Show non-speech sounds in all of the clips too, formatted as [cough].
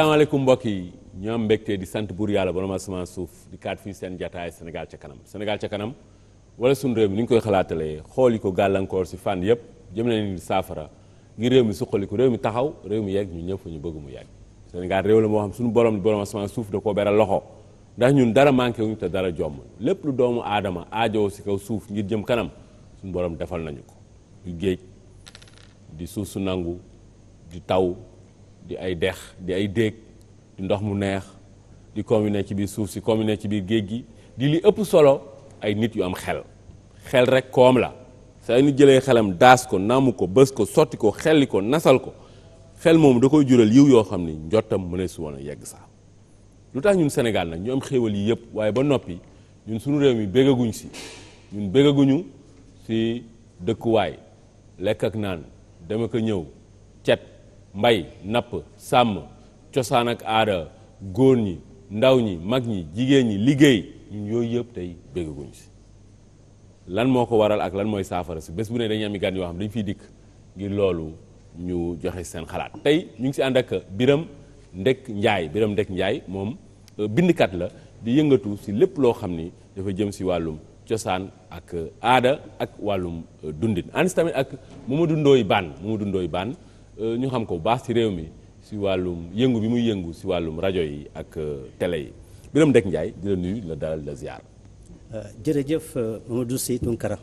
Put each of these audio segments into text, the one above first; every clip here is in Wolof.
salaamaaleykum mbokk yi ñoo am mbégte di sant buur yàlla borom asamaan suuf di kaat fii seen jataay Sénégal ca kanam Sénégal ca kanam wala suñu réew mi ni ñu koy xalaatalee xool yi ko gàllankoor si fànn yëpp jëm leen di saafara ngir réew mi suqaliku réew mi taxaw réew mi yegg ñu ñëpp fa ñu bëgg mu yegg Sénégal réew la moo xam suñu borom di borom asamaan suuf da ko beral loxo ndax ñun dara manqué wuñu te dara jomm lépp lu doomu aadama aajoo si kaw suuf ngir jëm kanam suñu defal nañu ko du di suuf su nangu di taw di ay dex di ay déeg di ndox mu neex di commune ci biir suuf si commune ci biir géej gi di li ëpp solo ay nit yu am xel xel rek koom la saa nit jëlee xelam daas ko nàmm ko bës ko sotti ko xelli ko nasal ko xel moom da koy jural yiw yoo xam ne njottam mëne si woon a yegg sax lu tax ñun Sénégal nag ñu am xéewal yi yëpp waaye ba noppi ñun suñu réew mi béggaguñ si ñun béggaguñu si dëkkuwaay lekk ak naan dama ko ñëw cet mbay napp sàmm cosaan ak aada góor ñi ndaw ñi mag ñi jigéen ñi liggéey ñun yooyu yëpp tey béggaguñ si lan moo ko waral ak lan mooy saafara si bés bu ne dañuy am gan yoo xam dañu fiy dikk ngir loolu ñu joxe seen xalaat tey ñu ngi si ànd ak Biram Ndek Njaay Biram Ndek Njaay moom euh, bindkat la di yëngatu si lépp loo xam ni dafa jëm si wàllum cosaan ak aada ak wàllum euh, dundin ànd si tamit ak Mamadou Ndoye Bane Mamadou Ndoye Bane ñu xam ko bu baax ci réew mi si wàllum yëngu bi muy yëngu si wàllum rajo yi ak euh, télé yi Birame Ndek Ndiaye di la nuyu la dalal la ziar. Euh, jërëjëf euh, Mamadou Sy Tounkara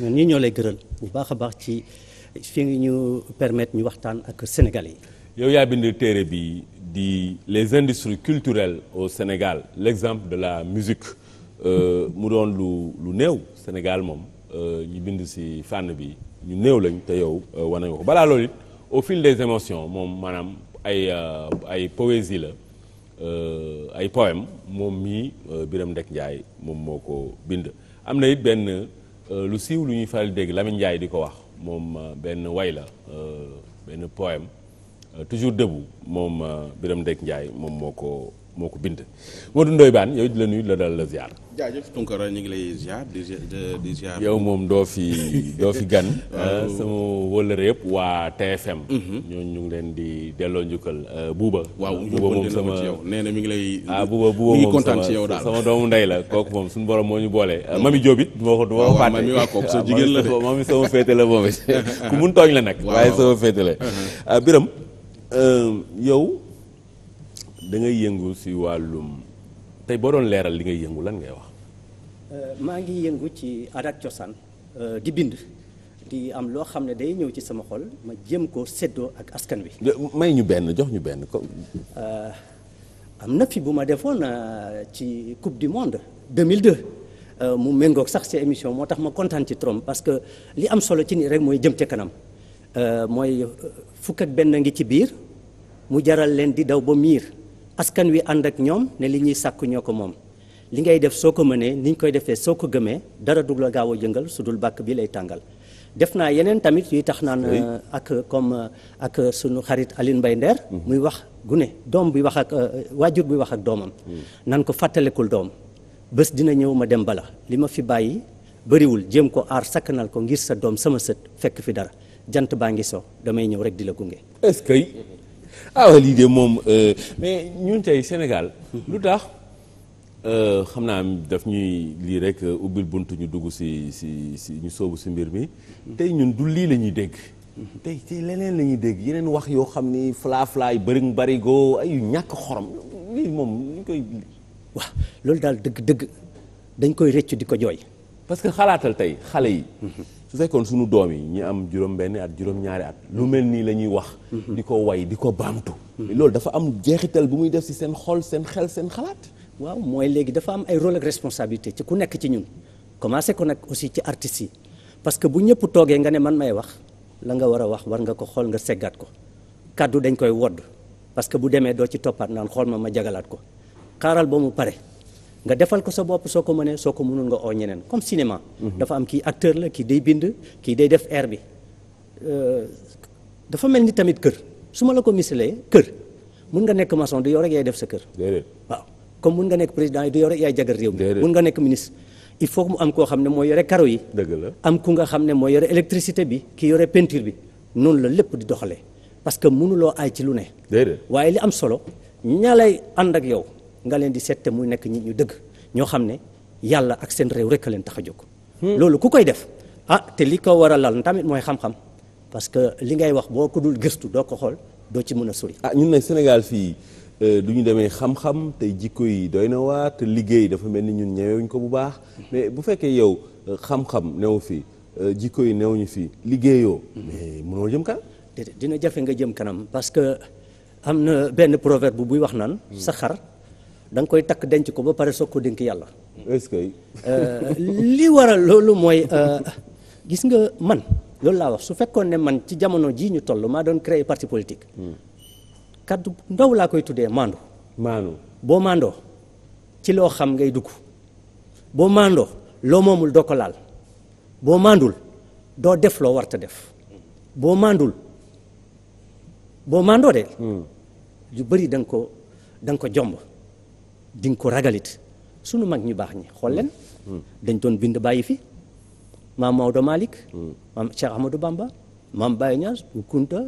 ñun ñoo lay gëral bu baax a baax ci fi ngi ñu permettre ñu waxtaan ak Sénégal yi. yow yaa bind téere bi di les industries culturelles au Sénégal l'exemple de la musique mu doon lu lu néew Sénégal moom ñu bind si fànn bi ñu néew lañ te yow wane nga ko balaa loolu it. au fil des émotions moom maanaam ay euh, ay poésie la euh, ay poème moom mii euh, biram Ndek Ndiaye moom moo ko bind am na it benn lu siiw lu ñuy faral dégg Lamine Ndiaye di ko wax moom benn way la benn poème toujours debu moom biram Ndek Ndiaye moom moo ko moo ko bind Modou Ndoye Bane yow di la nuyu la dal la ziar. ñu ngi lay ziar di yow moom doo fi doo fi gan. [laughs] Ah, sama wëllëre yëpp waa TFM. Mhm. ñooñu ñu leen di delloo njukkal ah, Buuba. waaw Buuba moom sama nee na mi ngi lay. ah Buuba Buuba moom kontaan ci yow daal sama doomu ndey la kooku moom suñu borom moo ñu boolee [laughs] Mami Diop it ma ko du ma ko fàtte. Mami [laughs] ah, la de sama féete moom ku mun tooñ la nag. waaye sama féete Biram euh, yow. da ngay yëngu si wàllum tey boo doon leeral li ngay yëngu lan ngay wax. Euh, maa ngi yëngu ci aada ak cosaan euh, di bind. di am loo xam ne day ñëw ci sama xol ma jëm ko séddoo ak askan wi. may ñu benn jox ñu benn ko. Euh, am na fi bu ma defoon ci coupe du monde 2002 mu méngoog sax sa émission moo tax ma kontaan ci trop parce que li am solo ci nii rek mooy jëm ca kanam mooy fukk ak benn ngi ci biir mu jaral leen di daw ba miir. askan wi ànd ak ñoom ne li ñuy sàkk ñoo ko moom li ngay def soo ko mënee niñ koy defee soo ko gëmee dara du la gaaw a jëngal su dul bàkk bi lay tàngal def naa yeneen tamit yuy tax naan euh, ak comme euh, ak euh, sunu xarit Aline Mbaye Nder mm-hmm. muy wax gune doom bi wax ak waajur bi wax ak doomam mm-hmm. nan ko fàttalekul doom bés dina ñëw ma dem bala li ma fi bàyyi bëriwul jéem ko aar sakkanal ko ngir sa doom sama sët fekk fi dara jant baa ngi so damay ñëw rek di la gunge ah lii de moom euh, mais ñun tey Sénégal lu tax euh, xam naa daf ñuy lii rek euh, ubbil bunt ñu dugg si si si ñu soobu si mbir mi tey ñun du lii la ñuy dégg tey tey leneen la ñuy dégg yeneen wax yoo xam ni fla fla yu bëri barigo ay ñàkk xorom lii moom ñu koy waaw loolu daal dëgg dëgg dañ koy rëccu di ko jooy parce que xalaatal tey xale yi mm-hmm. su fekkoon sunu doom yi ñu am juróom-benni at juróom-ñaari at lu mel nii la ñuy wax. Mhm. di ko way di ko baamtu. Mhm. loolu dafa am jeexital bu muy def si seen xol seen xel seen xalaat. waaw mooy léegi dafa am ay rôle ak responsabilité ci ku nekk ci ñun commencé ko nag aussi ci artistes yi parce que bu ñëpp toogee nga ne man may wax la nga war a wax war nga ko xool nga seggaat ko kàddu dañ koy wodd parce que bu demee doo ci toppaat naan xool ma ma jagalaat ko xaaral ba mu pare. nga defal ko sa bopp soo ko mënee soo ko mënul nga oo ñeneen comme cinéma. Mhm. dafa am kii acteur la kii day bind kii day def air bi. Euh, dafa mel ni tamit kër su ma la ko misalee kër mun nga nekk maçon du yow rek yaay def sa kër. waaw comme mun nga nekk président du yow rek yaay jagar réew mi. mun nga nekk ministre. il faut mu am koo xam ne moo yore karo yi. dëgg la am ku nga xam ne mooy yore électricité bi ki yore peinture bi noonu la lépp di doxalee parce que munuloo ay ci lu ne. waaye li am solo ña lay ànd yow. nga leen di seet te muy nekk nit ñu dëgg ñoo xam ne yàlla ak seen réew rek leen tax a jóg. Hmm. loolu ku koy def ah te li ko war a lal tamit mooy xam-xam parce que li ngay wax boo ko dul gëstu doo ko xool doo ci mën a sori. ah ñun nag Sénégal fii euh, du ñu demee xam-xam tey jikko yi doy na waa te liggéey dafa mel ni ñun ñewewuñ ko bu baax mais bu fekkee yow euh, xam-xam newu fii euh, jikko yi newuñu fii liggéeyoo. mais mënoo jëm kanam. dina jafe nga jëm kanam parce que am na benn proverbe buy wax naan. Hmm. sa xar. da nga koy takk denc ko ba pare soog ko dénk yàlla. est-ce que. Euh, li waral loolu mooy euh, gis nga man loolu laa wax su fekkoon ne man ci jamono jii ñu toll maa doon créer parti politique. Hmm. kaddu ndaw laa koy tuddee maandu. maandu boo maandoo ci loo xam ngay dugg boo maandoo loo moomul doo ko laal boo maandul doo def loo warta def boo maandul boo maandoo de. lu hmm. bëri da nga ko danga ko jomb. di nga ko ragalit sunu mag ñi baax ñi xool leen. dañ doon bind bàyyi fi maam Maodo Malick. maam Cheikh Ahmadou Bamba. maam Baye Niass Kunta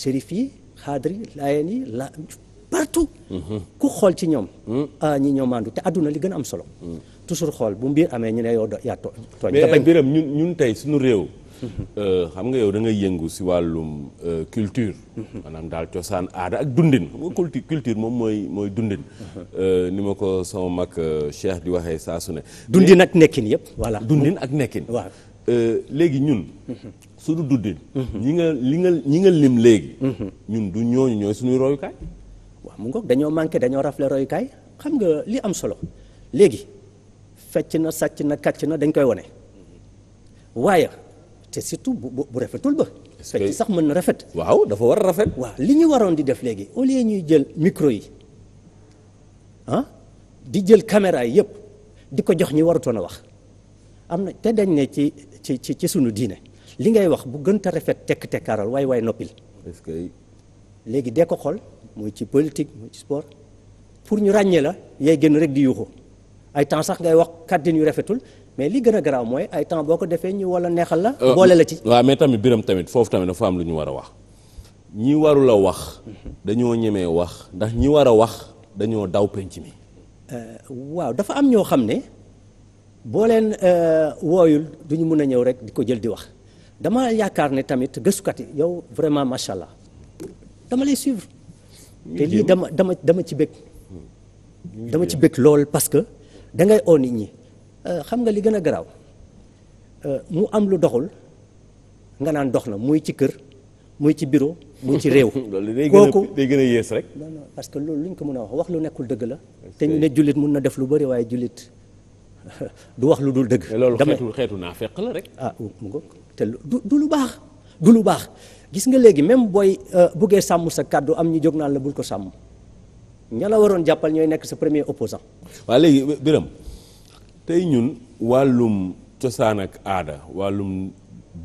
Serif yi xaadri laayeen yi la partout. ku xool ci ñoom. ah ñi ñoo maandu te adduna li gën am solo. toujours xool bu mbir amee ñu ne yow yaa tooñ. mais biram ñun ñun tey suñu réew. Euh, xam nga yow da ngay yëngu si wàllum euh, culture. maanaam daal cosaan aada ak dundin xam nga moom mooy mooy dundin. Euh, ni ma ko sama mag Cheikh di waxee saa su ne. dundin ak nekkin yëpp voilà. dundin ak nekkin. waaw léegi ñun. Mhm. su du dundin. Mhm. ñi nga li ñi nga lim léegi. Mhm. ñun du ñooñu ñooy suñuy royukaay. waaw mu ngoog dañoo manqué dañoo rafle royukaay xam nga li am solo léegi fecc na sàcc na kàcc na dañ koy wane waaye. te surtout bu bu rafetul ba. fecc sax mën na rafet. waaw dafa war a rafet. waa li ñu waroon di def léegi au lieu ñuy jël micro yi ah di jël caméra yi yëpp di ko jox ñi waratoon a wax am na te dañ ne ci ci ci ci sunu diine li ngay wax bu gën a rafet tekk tekkaaral waay waay noppil. est-ce que léegi dee ko xool muy ci politique muy ci sport pour ñu ràññee la yaay génn rek di yuuxu ay temps sax ngay wax kàddin yu rafetul. mais li gën a garaaw mooy ay temps boo ko defee ñu wala neexal la. Euh, boole la ci waaw mais tamit biram tamit foofu tamit dafa am lu ñu war a wax ñi wax. dañoo ñemee wax ndax ñi war a wax dañoo daw penc mi. Euh, waaw dafa am ñoo xam ne boo leen euh, wooyul du ñu mun a ñëw rek di ko jël di wax dama yaakaar ne tamit gëstukat yi yow vraiment macha allah dama lay suivre. te lii dama dama dama ci bëgg. Hmm. dama ci bëgg lool parce que da ngay oo nit ñi. Euh, xam nga li gën a garaaw euh, mu am lu doxul nga naan dox na muy ci kër muy ci bureau muy ci réew. [laughs] kooku day gën a yées rek. parce que loolu lu ñu ko mën a wax wax lu nekkul dëgg la. te ñu ne jullit mun na def lu bari waaye jullit [laughs] du wax lu dul dëgg. loolu xeetu xeetu naa fekk la rek. ah oh, te du lu baax du lu baax gis nga léegi même booy euh, buggee sàmm sa kàddu am ñu jóg naan la bul ko sàmm ña la waroon jàppal ñooy nekk sa premier opposant waa léegi Birame tey ñun wàllum cosaan ak aada wàllum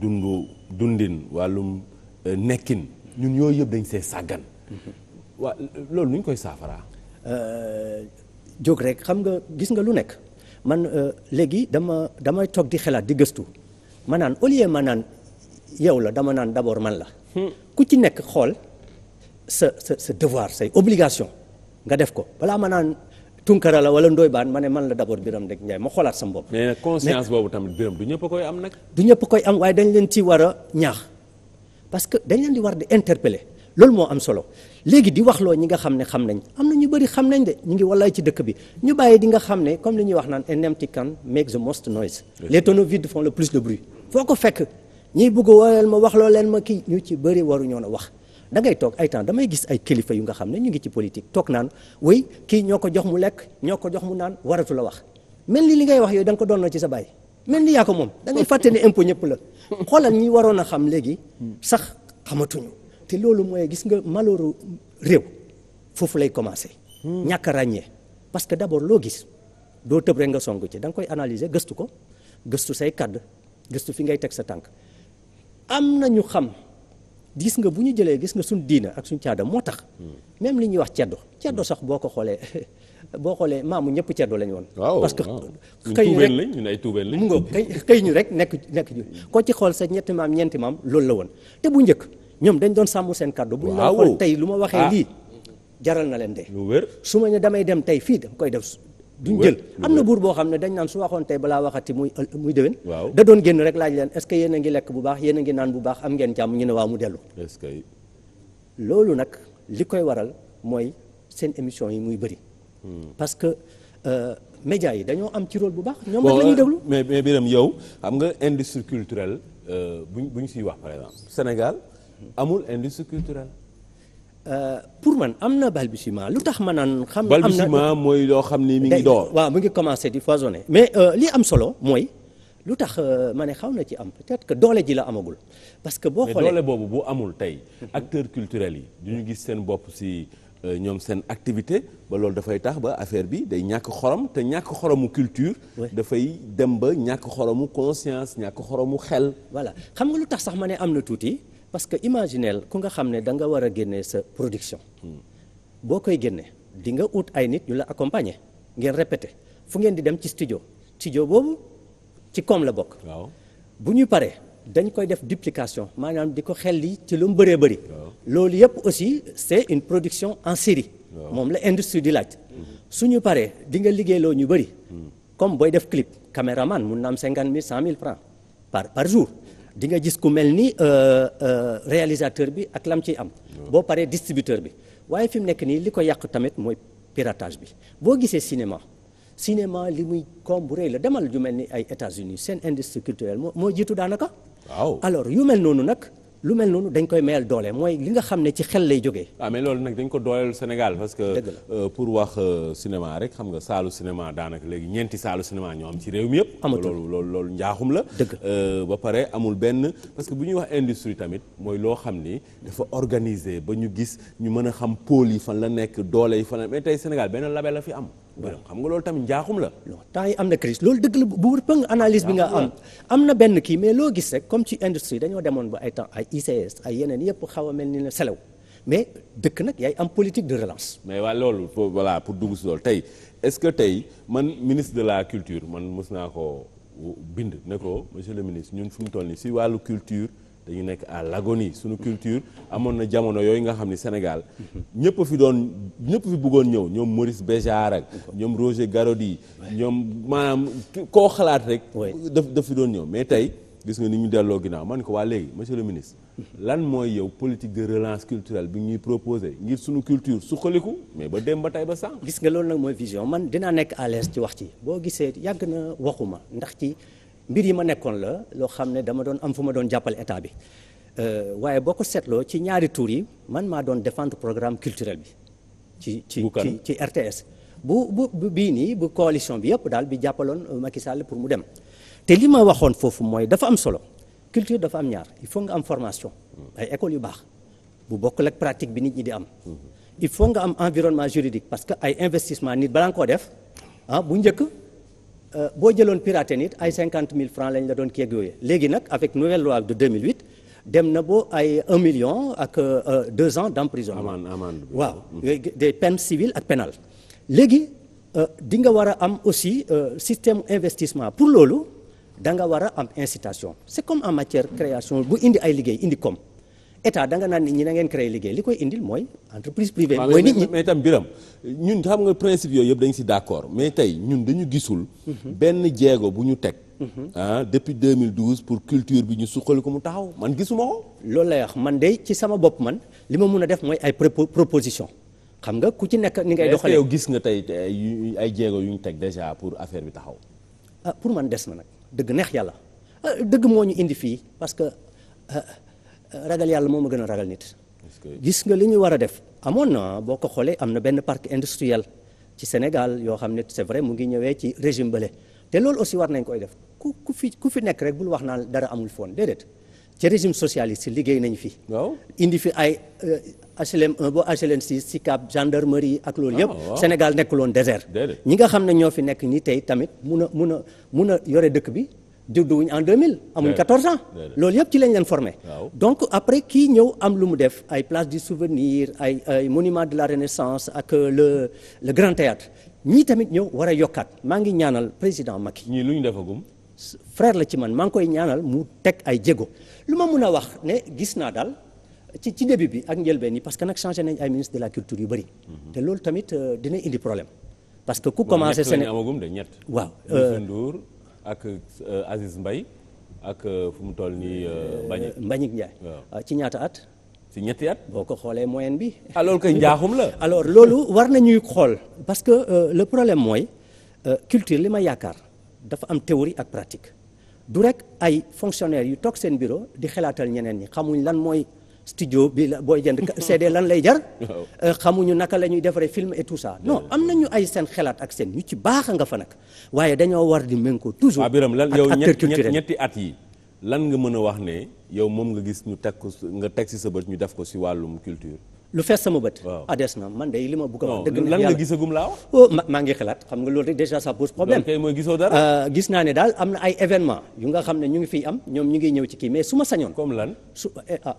dundu dundin wàllum euh, nekkin ñun yooyu yëpp dañ see sàggan waa loolu nu ñu koy saafaraa euh, jóg rek xam nga gis nga lu nekk man euh, léegi dama damay toog di xelaat di gëstu ma naan au lieu ma naan yow la dama naan d'abord man la hmm. ku ci nekk xool sa sa devoir say obligation nga def ko balaa ma naan Tunkara la wala Ndoye Bane ma ne man la d'abord Birame Ndek Ndiaye ma xoolaat sama bopp. mais nag conscience boobu tamit Birame du ñëpp koy am nag. du ñëpp koy am waaye dañ leen ci war a ñaax parce que dañ leen di war di interpeller loolu moo am solo léegi di wax loo ñi nga xam ne xam nañ am na ñu bëri xam nañ de ñu ngi wallaay ci dëkk bi ñu bàyyi di nga xam ne comme li ñuy wax naan an empty can make the most noise. les tonneaux vides font le plus de bruit. foo ko fekk ñi bëgg a wóoreel ma wax loo leen ma kii ñu ci bëri waruñoo na wax. da ngay toog ay temps damay gis ay kilifa yu nga xam ne ñu ngi ci politique toog naan oui kii ñoo ko jox mu lekk ñoo ko jox mu naan waratu la wax mel ni li ngay wax yooyu danga ko doon na ci sa baay mel ni yaa ko moom dangay ngay [laughs] fàtte ne ñëpp la xoolal ñi waroon a xam léegi hmm. sax xamatuñu te loolu mooy gis nga malheureux réew foofu lay commencé hmm. ñàkk ràññee parce que d'abord loo gis doo tëb rek nga song ci da nga koy analyser gëstu ko gëstu say kàdd gëstu fi ngay teg sa tànk am na ñu xam gis nga bu ñu jëlee gis nga suñ diina ak suñ caada moo tax hmm. même li ñuy wax ceddo hmm. ceddo sax boo ko xoolee [laughs] boo xoolee maamu ñëpp ceddo lañu woon parce que xëy ñu rek ñun ay tuubeen lañ mu nga xëy ñu rek nekk nekk ñu hmm. ko ci xool sa ñetti maam ñeenti maam loolu la woon te bu njëkk ñoom dañ doon sàmm seen kàddu bu ñu la tey lu ma waxee ah. lii jaral na leen de lu wér su ma ne damay dem tey fii dama koy def duñ jël am na buur boo xam ne dañ naan su waxoon tey balaa waxati muy muy déwén da doon génn rek laaj leen est ce que yéen a ngi lekk bu baax yéen a ngi naan bu baax am ngeen jàmm ñu ne waaw mu dellu loolu nag li koy waral mooy seen émission yi muy bëri hmm. parce que euh, médias yi dañoo am ci rôle bu baax ñoom rek la euh, déglu mais mais Birame yow xam nga industrie culturelle euh, buñ bu ñu siy wax par exemple Sénégal amul industrie culturelle Euh, pour man am na balbutiement lu tax ma naan. xam am na balbutiement mooy loo xam ni mi ngi door. waaw mu ngi commencé di foisonné. mais euh, lii am solo mooy lu tax euh, ma ne xaw na ci am peut-être que doole ji la amagul. parce que boo xoolee doole boobu bu amul tey. acteur culturels yi du ñu gis seen bopp si ñoom seen activité ba loolu dafay tax ba affaire bi day ñàkk xorom te ñàkk xoromu culture. dafay dem ba ñàkk xoromu conscience ñàkk xoromu xel. voilà xam nga lu tax sax ma ne am na tuuti. parce que imaginel ku nga xam ne da nga war a génnee sa production boo koy génnee di nga ut ay nit ñu la accompagner ngeen répété fu ngeen di dem ci studio studio boobu ci comme la bokk bu ñu paree dañ koy def duplication maanaam di ko xel li ci lu mu bëree bëri loolu yëpp aussi c'est une production en série moom la industrie di laaj suñu paree di nga liggéeyloo ñu bëri hmm. comme booy def clip caméraman mun na am cinquante mille cent mille francs par par jour di nga gis ku mel ni euh, euh, réalisateur bi ak lam ciy am. boo paree distributeur bi waaye fi mu nekk nii li ko yàq tamit mooy piratage bi boo gisee cinéma. cinéma li muy koom bu rëy la demal ju mel ni ay États-Unis seen industrie culturelle moo jiitu daanaka. waaw alors yu mel noonu nag. lu mel noonu dañ koy mayal doole mooy li nga xam ne ci xel lay jógee. waaw ah, mais loolu nag dañ ko dooleel Sénégal parce que. Euh, pour wax euh, cinéma rek xam nga saalu cinéma daanaka léegi ñeenti saalu cinéma ñoo am ci réew mi yëpp. amatul loolu loolu loolu njaaxum la. dëgg euh, ba pare amul benn parce que bu ñuy wax industrie tamit mooy loo xam ni dafa organiser ba ñu gis ñu mën a xam pôle yi fan la nekk doole yi fan tey Sénégal benn label la fi am. waaw xam nga loolu tamit njaaxum la. non temps yi am na loolu dëgg la bu wër pëng analyse bi nga am. am na benn kii mais loo gis rek comme ci industrie dañoo demoon ba ay temps ay ay ay yeneen yëpp xaw a mel ni ne selew mais dëkk nag yaay am politique de relance. mais waa loolu voilà pour dugg si loolu tey est-ce que tey man ministre de la culture man mës naa ko bind ne ko monsieur le ministre ñun fu mu toll nii si wàllu culture. dañu nekk à l'agonie suñu culture amoon na jamono yooyu nga xam ni Sénégal ñëpp fi doon ñëpp fi bëggoon ñëw ñoom Maurice Béjart ak ñoom Roger Garaudy ñoom maam koo xalaat rek daf daf fi doon ñëw mais tey gis nga ni ñu delloo ginnaaw man ko waa léegi monsieur le ministre lan mooy yow politique de relance culturelle bi ñuy proposé ngir suñu culture suqaliku mais ba dem ba tey ba sànq gis nga loolu nag mooy vision man dinaa nekk à l'aise ci wax ci boo gisee yàgg na waxuma ndax ci mbir yi ma nekkoon la loo xam ne dama doon am fu ma doon jàppale état bi euh, waaye boo ko seetloo ci ñaari tour yi man maa doon défendre programme culturel bi ci ci ci ci RTS bu bu bii nii bu coalition bi yëpp daal bi jàppaloon euh, Macky Sall pour mu dem te li ma waxoon foofu mooy dafa am solo culture dafa am ñaar il faut nga am formation ay écoles yu baax bu bokk ak pratique bi nit ñi di am il faut nga am environnement juridique parce que ay investissement nit balaa nga koo def ah bu njëkk euh, boo jëloon piraté nit ay cinquante mille francs lañ la doon kii ak yooyu léegi nag avec nouvelle loi de 2008 dem na boo ay un million ak euh, euh, deux ans d'emprisonnement waaw mm-hmm. des peines civiles ak pénales léegi di nga war a am aussi système investissement pour loolu danga war a am incitation c'est comme en matière création bu indi ay liggéey indi koom état da nga naan nit ñi na ngeen créer liggéey li koy indi indil mooy entreprise privée. mooy nit ñi mais tam biram ñun xam nga principe yooyu yëpp dañ si d'accord mais tey ñun dañu gisul. benn jeego bu ñu teg. ah depuis 2012 pour culture bi ñu suqali ko mu taxaw man gisuma ko. loolu lay wax man dey ci sama bopp man li ma mun a def mooy ay proposition xam nga ku ci nekk ni ngay doxalee. yow gis nga tey ay jéego yu ñu teg déjà pour affaire bi taxaw. ah pour man des na nag. dëgg neex yàlla ah, dëgg moo ñu indi fii parce que ah, ragal yàlla moo ma gën a ragal nit. gis nga li ñuy war a def amoon na boo ko xolee am na benn parc industriel ci Sénégal yoo xam ne c'est vrai mu ngi ñëwee ci régime bële te loolu aussi war nañ koy def ku ku fi ku fi nekk rek bul wax naan dara amul foon déedéet. ci régime socialiste liggéey nañu fi. waaw indi fi ay euh, HLM 1 ba si 6 SICAP gendarmerie ak loolu yëpp. Ah, Sénégal nekkul woon désert. ñi nga xam ne ñoo fi nekk nii tey tamit mun a mun a mun a yore dëkk bi judduwuñ en 2000. amuñ 14 ans loolu yëpp ci lañ leen formé. donc après kii ñëw am lu mu def ay place du souvenir ay ay monument de la renaissance ak euh, le le grand théâtre ñii tamit ñëw war a yokkaat maa ngi ñaanal président Macky. ñii lu ñu defagum. frère la ci man maa ngi koy ñaanal mu teg ay jéego. lu ma mun a wax ne gis naa daal ci ci début bi ak njëlbeen yi parce que nag changé nañ ay ministre de la culture yu bëri. Mhm. te loolu tamit euh, dina indi problème. parce que ku commencé. seen amagum de ñett. waaw euh, Youssou Ndour ak euh, Aziz mbay ak fu mu toll nii Mbagnick. Mbagnick Ndiaye ci ñaata at. ci ñetti at boo ko xoolee moyenne bi. alors ah, que njaaxum la. [laughs] alors loolu war nañuy xool parce que le problème mooy culture li may yaakaar dafa am théorie ak pratique. du rek ay fonctionnaire yu toog seen bureau di xalaatal ñeneen ñi xamuñ lan mooy studio bi booy jënd seddee [laughs] lan lay jar. Euh, xamuñu naka la ñuy defaree film et tout ça. non am nañu ay seen xalaat ak seen ñu ci baax a nga fa nag waaye dañoo war di méngoo toujours. ak acteur culturel ñetti at yi. lan nga mën a wax ne yow moom nga gis ñu teg ko nga teg ci sa bët ñu def ko ci wàllum culture. lu fees sama bët. waaw ah, des na man de li ma bëgg a wax. dëgg na lan nga gisagum laa wax. oh maa ngi xalaat xam nga loolu de déjà sa pose problème. kay mooy gisoo dara. Euh, gis naa ne daal am na ay événement yu nga xam ne ñu ngi fiy am ñoom ñu ngi ñëw ci kii mais su ma sañoon. comme lan su eh, ah,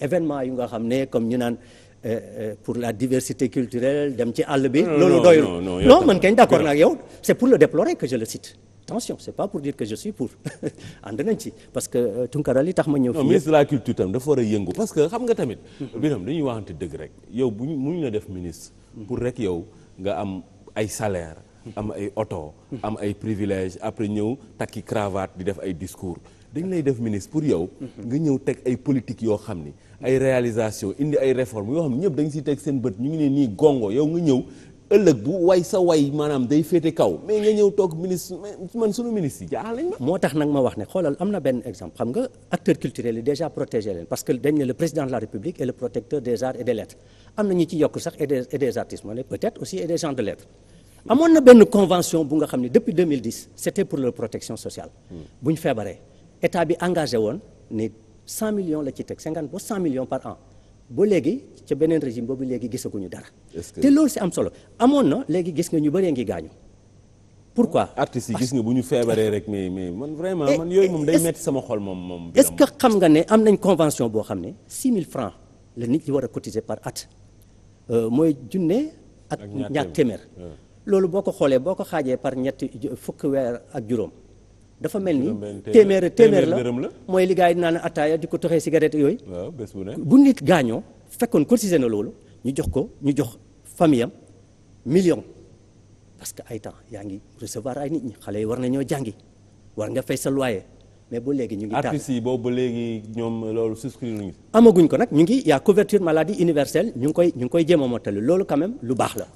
événement yu nga xam ne comme ñu naan. Eh, eh, pour la diversité culturelle dem ci àll bi. loolu doyul non man kañ d'accord nag yow. c'est pour le déplorer que je le cite. attention c'est pas pour dire que je suis pour [laughs] ànd nañ ci parce que euh, Tunkara li tax ma ñëw. fii ministre de la culture tam dafa war a yëngu parce que xam nga tamit. Birame dañuy waxante dëgg rek yow bu ñu mënuñu la def ministre. pour rek yow nga am ay salaire am ay oto. am ay privilèges après ñëw takki cravate di def ay discours. dañ lay def ministre pour yow. nga ñëw teg ay politique yoo xam ni. ay réalisation indi ay réformes yoo xam ne ñëpp dañ siy teg seen bët ñu ngi ne nii gongo yow nga ñëw ëllëg bu way sa way maanaam day féete kaw mais nga ñëw toog ministre man sunu ministre yi moo tax nag ma wax ne xoolal am na benn exemple xam nga acteurs culturels yi déjà protégé leen parce que dañ ne le président de la république est le protecteur des arts et des lettres am na ñu ci yokk sax et des artistes ma ne peut-être aussi et des gens de lettres. amoon na benn convention bu nga xam ne depuis 2010 c'était pour la protection sociale. Hmm. bu ñu feebaree état la ci teg 50 ba léegi ca beneen régime boobu léegi gisaguñu dara. te loolu si am solo amoon na léegi gis nga ñu bëree ngi gaañu. pourquoi artistes yi gis nga bu ñu feebaree rek mais mais man man yooyu moom day eh, eh, metti sama xol moom moom. est-ce que xam nga ne am nañ convention boo xam ne 6000 francs la nit ñi war a cotiser par at euh, mooy junne ak ñaar téeméer loolu boo ko xoolee boo ko xaajee par ñetti fukk weer ak juróom. dafa mel ni téeméer téeméer la mooy li gars yi naan attaaya di ko toxee cigarette yooyu bu nit gaañoo fekkoon cotisé na loolu ñu jox ko ñu jox famille am million parce que ay temps yaa ngi recevoir ay nit ñi xale yi war nañoo jàngi war nga fay sa loyer mais bu léegi ñu ngi. artistes boobu ba léegi ñoom loolu souscrire nañu. amaguñ ko nag ñu ngi yaa couverture maladie universelle ñu ngi koy ñu ngi koy jéem a motali loolu quand lu baax la.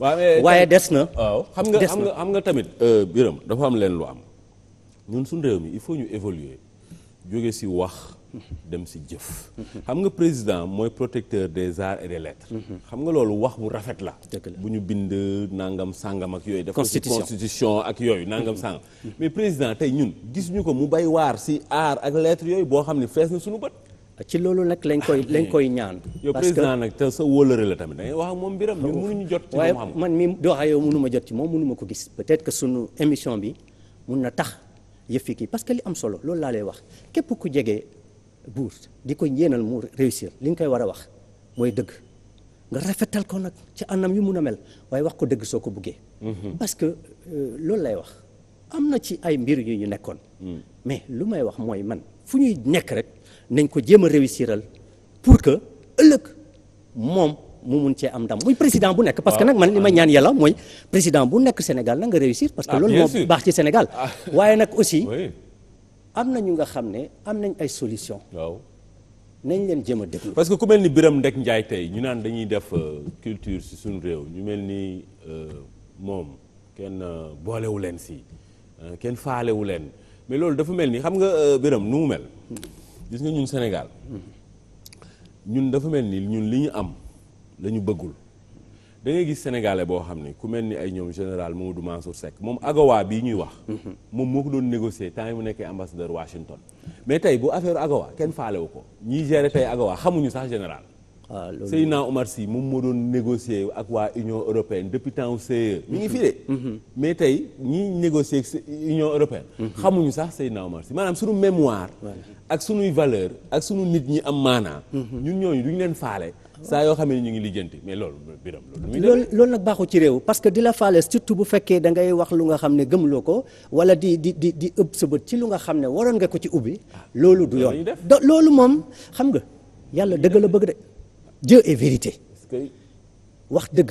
waaye des na. xam nga xam nga xam nga tamit. Euh, biram dafa am leen lu am. ñun suñu réew mi il faut ñu évoluer jóge si wax dem si jëf xam nga président mooy protecteur des arts et des lettres xam nga loolu wax bu rafet la bu ñu bind nangam sangam ak yooyu def ko ci constitution ak yooyu nangam mm-hmm. sangam mais président tey ñun gis ñu ko mu bay waar si aar ak lettres yooyu boo xam ne fees na suñu bët ci loolu nag lañ koy lañ koy ñaan. yow président nag te sa wóolare la tamit da ngay wax ak moom mbiram ñun mënuñu jot. ci moom waaye man mi doo xam yow jot ci moom mënu ko gis. peut-être que sunu émission bi mun na tax. yëf yi kii parce que li am solo loolu laa lay wax képp ku jege buur di ko jéenal mu réussir li nga koy war a wax mooy dëgg nga rafetal ko nag ci anam yu mun a mel waaye wax ko dëgg soo ko buggee. Mhm. parce que euh, loolu lay wax am na ci ay mbir yu ñu nekkoon. Mm. mais lu may wax mooy man fu ñuy nekk rek nañ ko jéem a réussiral pour que ëllëg moom. mu mun cee am ndam président bu nekk que nag man li ma ñaan yàlla mooy président bu nekk Sénégal na nga réussir parce que ah, loolu moo baax ci Sénégal ah. [laughs] waaye nag aussi am na ñu nga xam ne am nañ ay solution waaw nañ leen jéem a déglu parce que ku mel ni Birame Ndek Ndiaye tey ñu naan dañuy def euh, culture si suñu réew ñu mel nii euh, moom kenn euh, boolewu leen si kenn faalewu leen mais loolu dafa mel ni xam nga Birame nu mu mel hmm. gis nga ñun Sénégal hmm. ñun dafa mel ni ñun li ñu am lañu bëggul da ngay gis sénégalais boo xam ne ku mel ni ay ñoom général Mamadou Mansour Seck moom Agawa bii ñuy wax. Mhm. moom moo ko doon négocier temps yi mu nekkee ambassadeur Washington. mais tey bu affaire Agawa kenn faale wu ko ñiy gérer tey xamuñu sax général. waaw ah, loolu Seydina Omar Sy moom moo doon négocier ak waa Union européenne depuis temps CE. mi ngi fi mhm. mais tey ñiy négocier ak Union européenne. Mhm. xamuñu sax Seydina Omar Sy maanaam suñu mémoire. ak suñuy valeur ak suñu nit ñi am maanaa. ñun leen faale. saa yoo xam ne ñu ngi lijjanti mais loolu biram loolu loolu nag baaxu ci réew parce que di la faale surtout bu fekkee da ngay wax lu nga xam ne gëmloo ko wala di di di di ëpp sa bët ci lu nga xam ne waroon nga ko ci ubbi ah, loolu du yoon loolu moom xam nga yàlla dëgg la bëgg de Dieu est vérité wax dëgg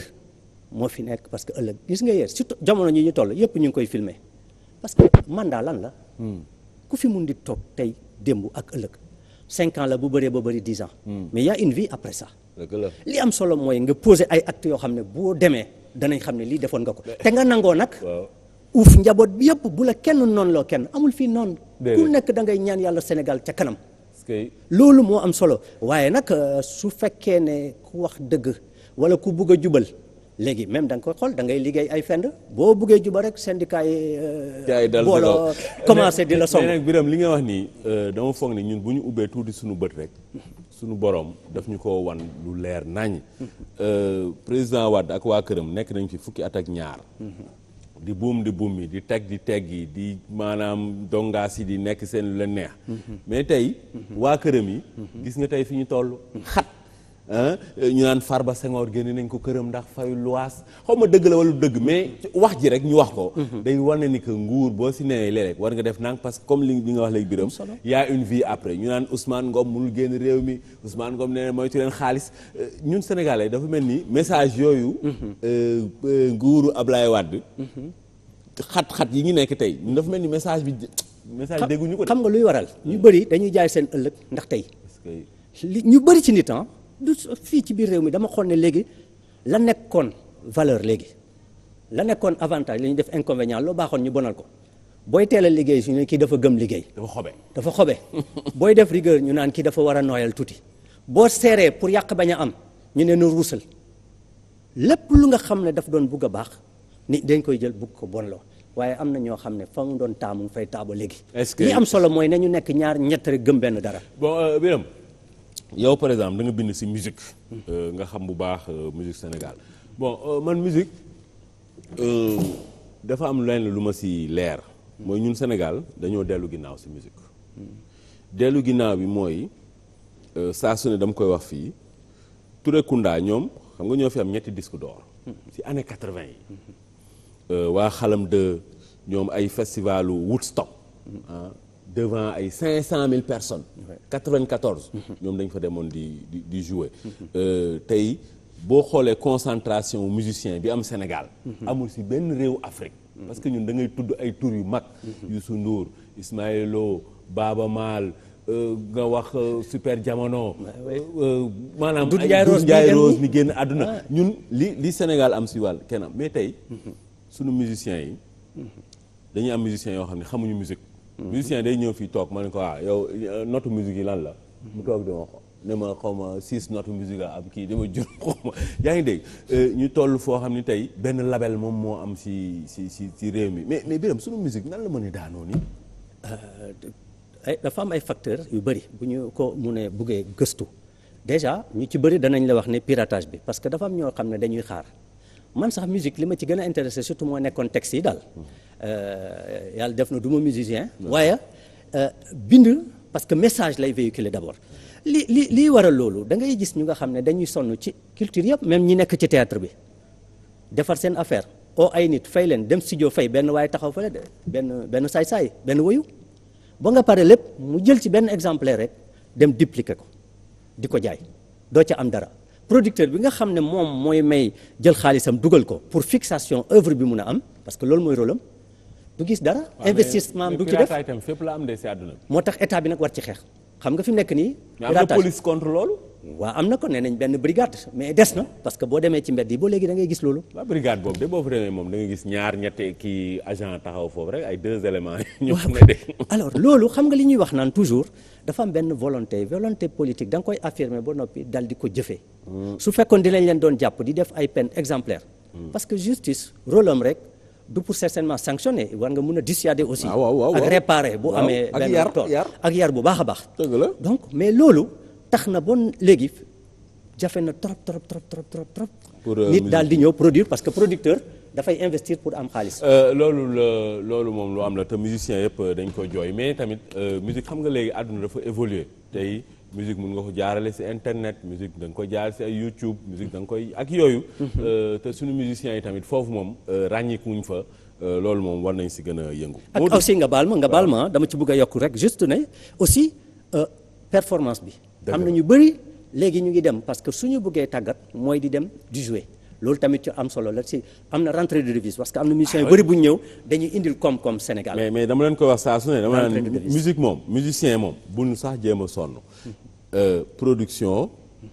moo fi nekk parce que ëllëg gis nga yee surtout jamono ñi ñu toll yëpp ñu ngi koy filmer parce que mandat lan la hmm. ku fi mun di toog tey démb ak ëllëg cinq la bu bëree ba bëri dix ans hmm. a une vie après ça li am solo mooy nga poser ay actes yoo xam ne boo demee danañ xam ne lii defoon nga ko te nga nangoo nag uuf njaboot bi yëpp bu la kenn noonu loo kenn amul fii noon ku nekk da ñaan yàlla senegal ca kanam loolu moo am solo waaye nag euh, su fekkee ne ku wax dëgg wala ku bugg a jubal léegi même da nga koy xool da ngay liggéey ay fend boo buggee jubal rek syndicat yi euh, booloo commencé di la song nag biram li nga wax nii euh, dama foog ne ñun bu ñu ubbee tuuti suñu bët rek sunu borom daf ñu ko wan lu leer nañ euh, président Wade ak waa këram nekk nañ fi fukki at ak ñaar di buum di buum yi di teg di teg yi di maanaam dongaas yi di nekk seen lu leen neex mhm. mais tey mhm. waa këram yi gis nga tey fi ñu toll xat Euh, ñu naan Farba Senghor génne nañ ko këram ndax fay luwaas xaw ma dëgg la wala dëgg mais wax ji rek ñu wax ko. Mhm. day wane ni que nguur boo si nee war nga def nang parce que comme li nga wax léegi biram y a une vie après ñu naan Ousmane Ngom mënul génn réew mi Ousmane Ngom nee na moytu leen xaalis euh, ñun sénégalais dafa mel ni message yooyu. Mhm. Euh, nguuru Ablaye Wade. Mhm. xat-xat yi ñu nekk tey ñun mel ni message bi message dégguñu ko. xam nga luy waral ñu bëri dañuy jaay seen ëllëg ndax tey. li ñu bëri ci nit ah, du fii ci biir réew mi dama xool ne léegi la nekkoon valeur léegi la nekkoon avantage lañu def inconvénient loo baaxoon ñu bonal ko booy teel a liggéey su ñu ne kii dafa gëm liggéey. dafa xobe dafa xobe booy def rigueur ñu naan kii dafa war a nooyal tuuti boo seeree pour yàq bañ a am ñu ne nu ruusal lépp lu nga xam ne daf doon bugg a baax ni dañ koy jël bugg ko bon bonloo waaye am na ñoo xam ne fa mu doon taamu fay taabo léegi. est que li am solo mooy na ñu nekk ñaar ñett gëm benn dara. Euh, yow par exemple da nga bind ci musique euh, nga xam bu baax euh, musique Sénégal bon euh, man musique dafa am lenn lu ma ci leer mooy ñun Sénégal dañoo dellu ginnaaw ci musique dellu ginnaaw bi mooy saa su ne dama koy wax fii Touré Kunda ñoom xam nga ñoo fi am ñetti disque d'or ci année quatre-vingt yi waa xalam de ñoom ay festivalu Woodstock ah, devant ay cent 500000 personnes. 94. ñoom dañ fa demoon di di di jouer. Euh, tey boo xoolee concentration musicien bi am Sénégal. amul si benn réew Afrique. parce que ñun da ngay tudd ay tur yu mag. Youssou Ndour Ismaël Lo Baaba Maal. Euh, nga wax euh, super jamono. maanaam ay Doudou Ndiaye Rose mi génn àdduna ñun li li Sénégal am si wàll kenn am mais tey. Mm-hmm. sunu musiciens yi. Mm-hmm. dañuy am musiciens yoo xam ne xamuñu musique musicien day ñëw fii toog ma ne ko ah yow notu musique yi lan la. mu toog di ma ko ne ma xaw ma notu musique am kii dama jur xaw ma yaa ngi dégg. Euh, ñu toll foo xam ni tey benn label moom moo am si si si si réew mi mais mais Birame sunu musique nan la mën a daanoo nii. Euh, ay dafa am ay facteurs yu bëri bu ñu ko munee buggee gëstu déjà ñu ci bëri danañ la wax ne piratage bi parce que dafa am ñoo xam ne dañuy xaar. man sax musique li ma ci gën a intéressé surtout moo nekkoon texte yi daal euh, yàlla def na du ma musicien waaye euh, bind parce que message lay véhiculer d'abord li li li waral loolu dangay gis ñu nga xam ne dañuy sonn ci culture yëpp même ñi nekk ci théâtre bi defar seen affaire oo ay nit fay leen dem studio fay benn waaye taxaw fële de benn benn saay-saay benn woyu ba nga pare lépp mu jël ci benn exemplaire rek dem dupliquer ko di ko jaay doo ca am dara producteur bi nga xam ne moom mooy may jël xaalisam dugal ko pour fixation œuvre bi mun a am parce que loolu mooy rôle am du gis dara. investissement am du ci def fépp la am de si moo tax état bi nag war ci xeex xam nga fi nekk nii. piratage mais police contre loolu. waa am na ko nee nañ benn brigade mais des na parce que boo demee ci mbedd yi ba léegi da ngay gis loolu. waaw brigade boobu de boo fa demee moom da gis ñaar ñette kii agent taxaw foofu rek ay deux éléments. [laughs] ñu ne [laughs] loolu xam nga li ñuy wax naan toujours dafa am benn volonté volonté politique danga koy affirmer ba noppi dal di ko jëfee. Hmm. su fekkoon dinañ leen doon jàpp di def ay peine exemplaire. Hmm. parce que justice rôle am rek. du pour certainement sanctionner war nga mën a dissuader aussi ah, ak réparer bu amee benn tool ak yar bu baax a baax donc mais loolu tax na bon léegi jafe na trop trop trop trop trop trop. pour euh, nit daal di ñëw produire parce que producteur dafay investir pour am xaalis. Euh, loolu la loolu moom lu am la te musicien yëpp euh, dañ ko jooy mais tamit musique xam nga léegi àdduna dafa évoluer tey. musique mun nga ko jaarale si internet musique danga nga koy jaarale ci ay YouTube musique da nga koy ak yooyu. Mhm. te suñu musiciens yi tamit foofu moom ràññikuñ fa loolu moom war nañ si gën a yëngu. ak aussi nga baal ma nga baal ma dama ci bëgg a yokk rek juste ne aussi performance bi. am na ñu bëri léegi ñu ngi dem parce que suñu buggee tàggat mooy di dem di jouer loolu tamit ci am solo la si am na rentrée de devise parce que am na musiciens yu ah bëri bu ñu ñëw dañuy indil koom-koom Sénégal. mais mais dama leen ko wax saa su ne dama leen musique moom musicien moom bu buñu sax jéem a sonn euh, production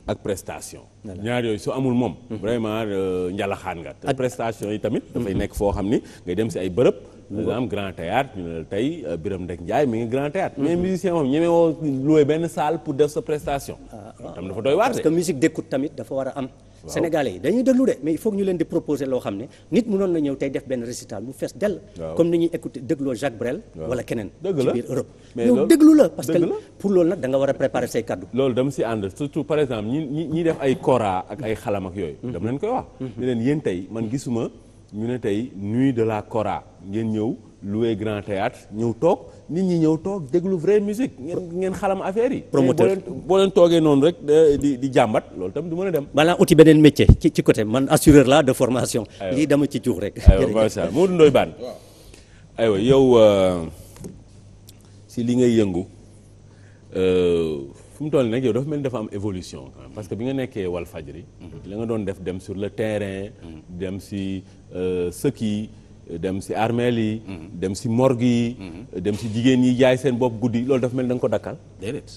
ak prestation. ñaar yooyu su amul moom. Mhm. vraiment euh, njalaxaan nga. te prestation yi tamit. dafay nekk foo xam ni ngay dem si ay bërëb. ñu ne am grand théâtre ñu ne la tey euh, Birame Ndek Ndiaye mi ngi grand théâtre mais mm-hmm. musicien moom ñeme woo loué benn salle pour def sa prestation ah, ah. tam dafa doy waar parce que musique d'écoute tamit dafa war a am sénégalais yi dañuy déglu de mais il faut que ñu leen di proposer loo xam ne nit mënoon na ñëw tey def benn récital lu fees dell comme ni ñuy écouter dégloo Jacques Brel wala keneen ci la parce que pour loolu nag da war a préparer say kaddu loolu ñu ne tey nuit de la cora ngeen ñëw loué grand théâtre ñëw toog nit ñi ñëw toog déglu vraie musique ngeen xalam affaire yi. promoteur boo leen toogee noonu rek di di jàmbat loolu tam du mën a dem. maanaam uti beneen métier ci ci côté man assureur la de formation. lii dama ci juux rek. jërëjëf aywa macha allah Modou Ndoye aywa yow euh, si li ngay yëngu. Euh, fu mu toll nag yow dafa mel ni dafa am évolution parce que bi nga nekkee wal fajri la nga doon def dem sur le terrain dem si euh, sëkk yi dem si armeel yi dem si morgue yi dem si jigéen yi jaay seen bopp guddi loolu dafa mel ni da nga ko dakkal déedéet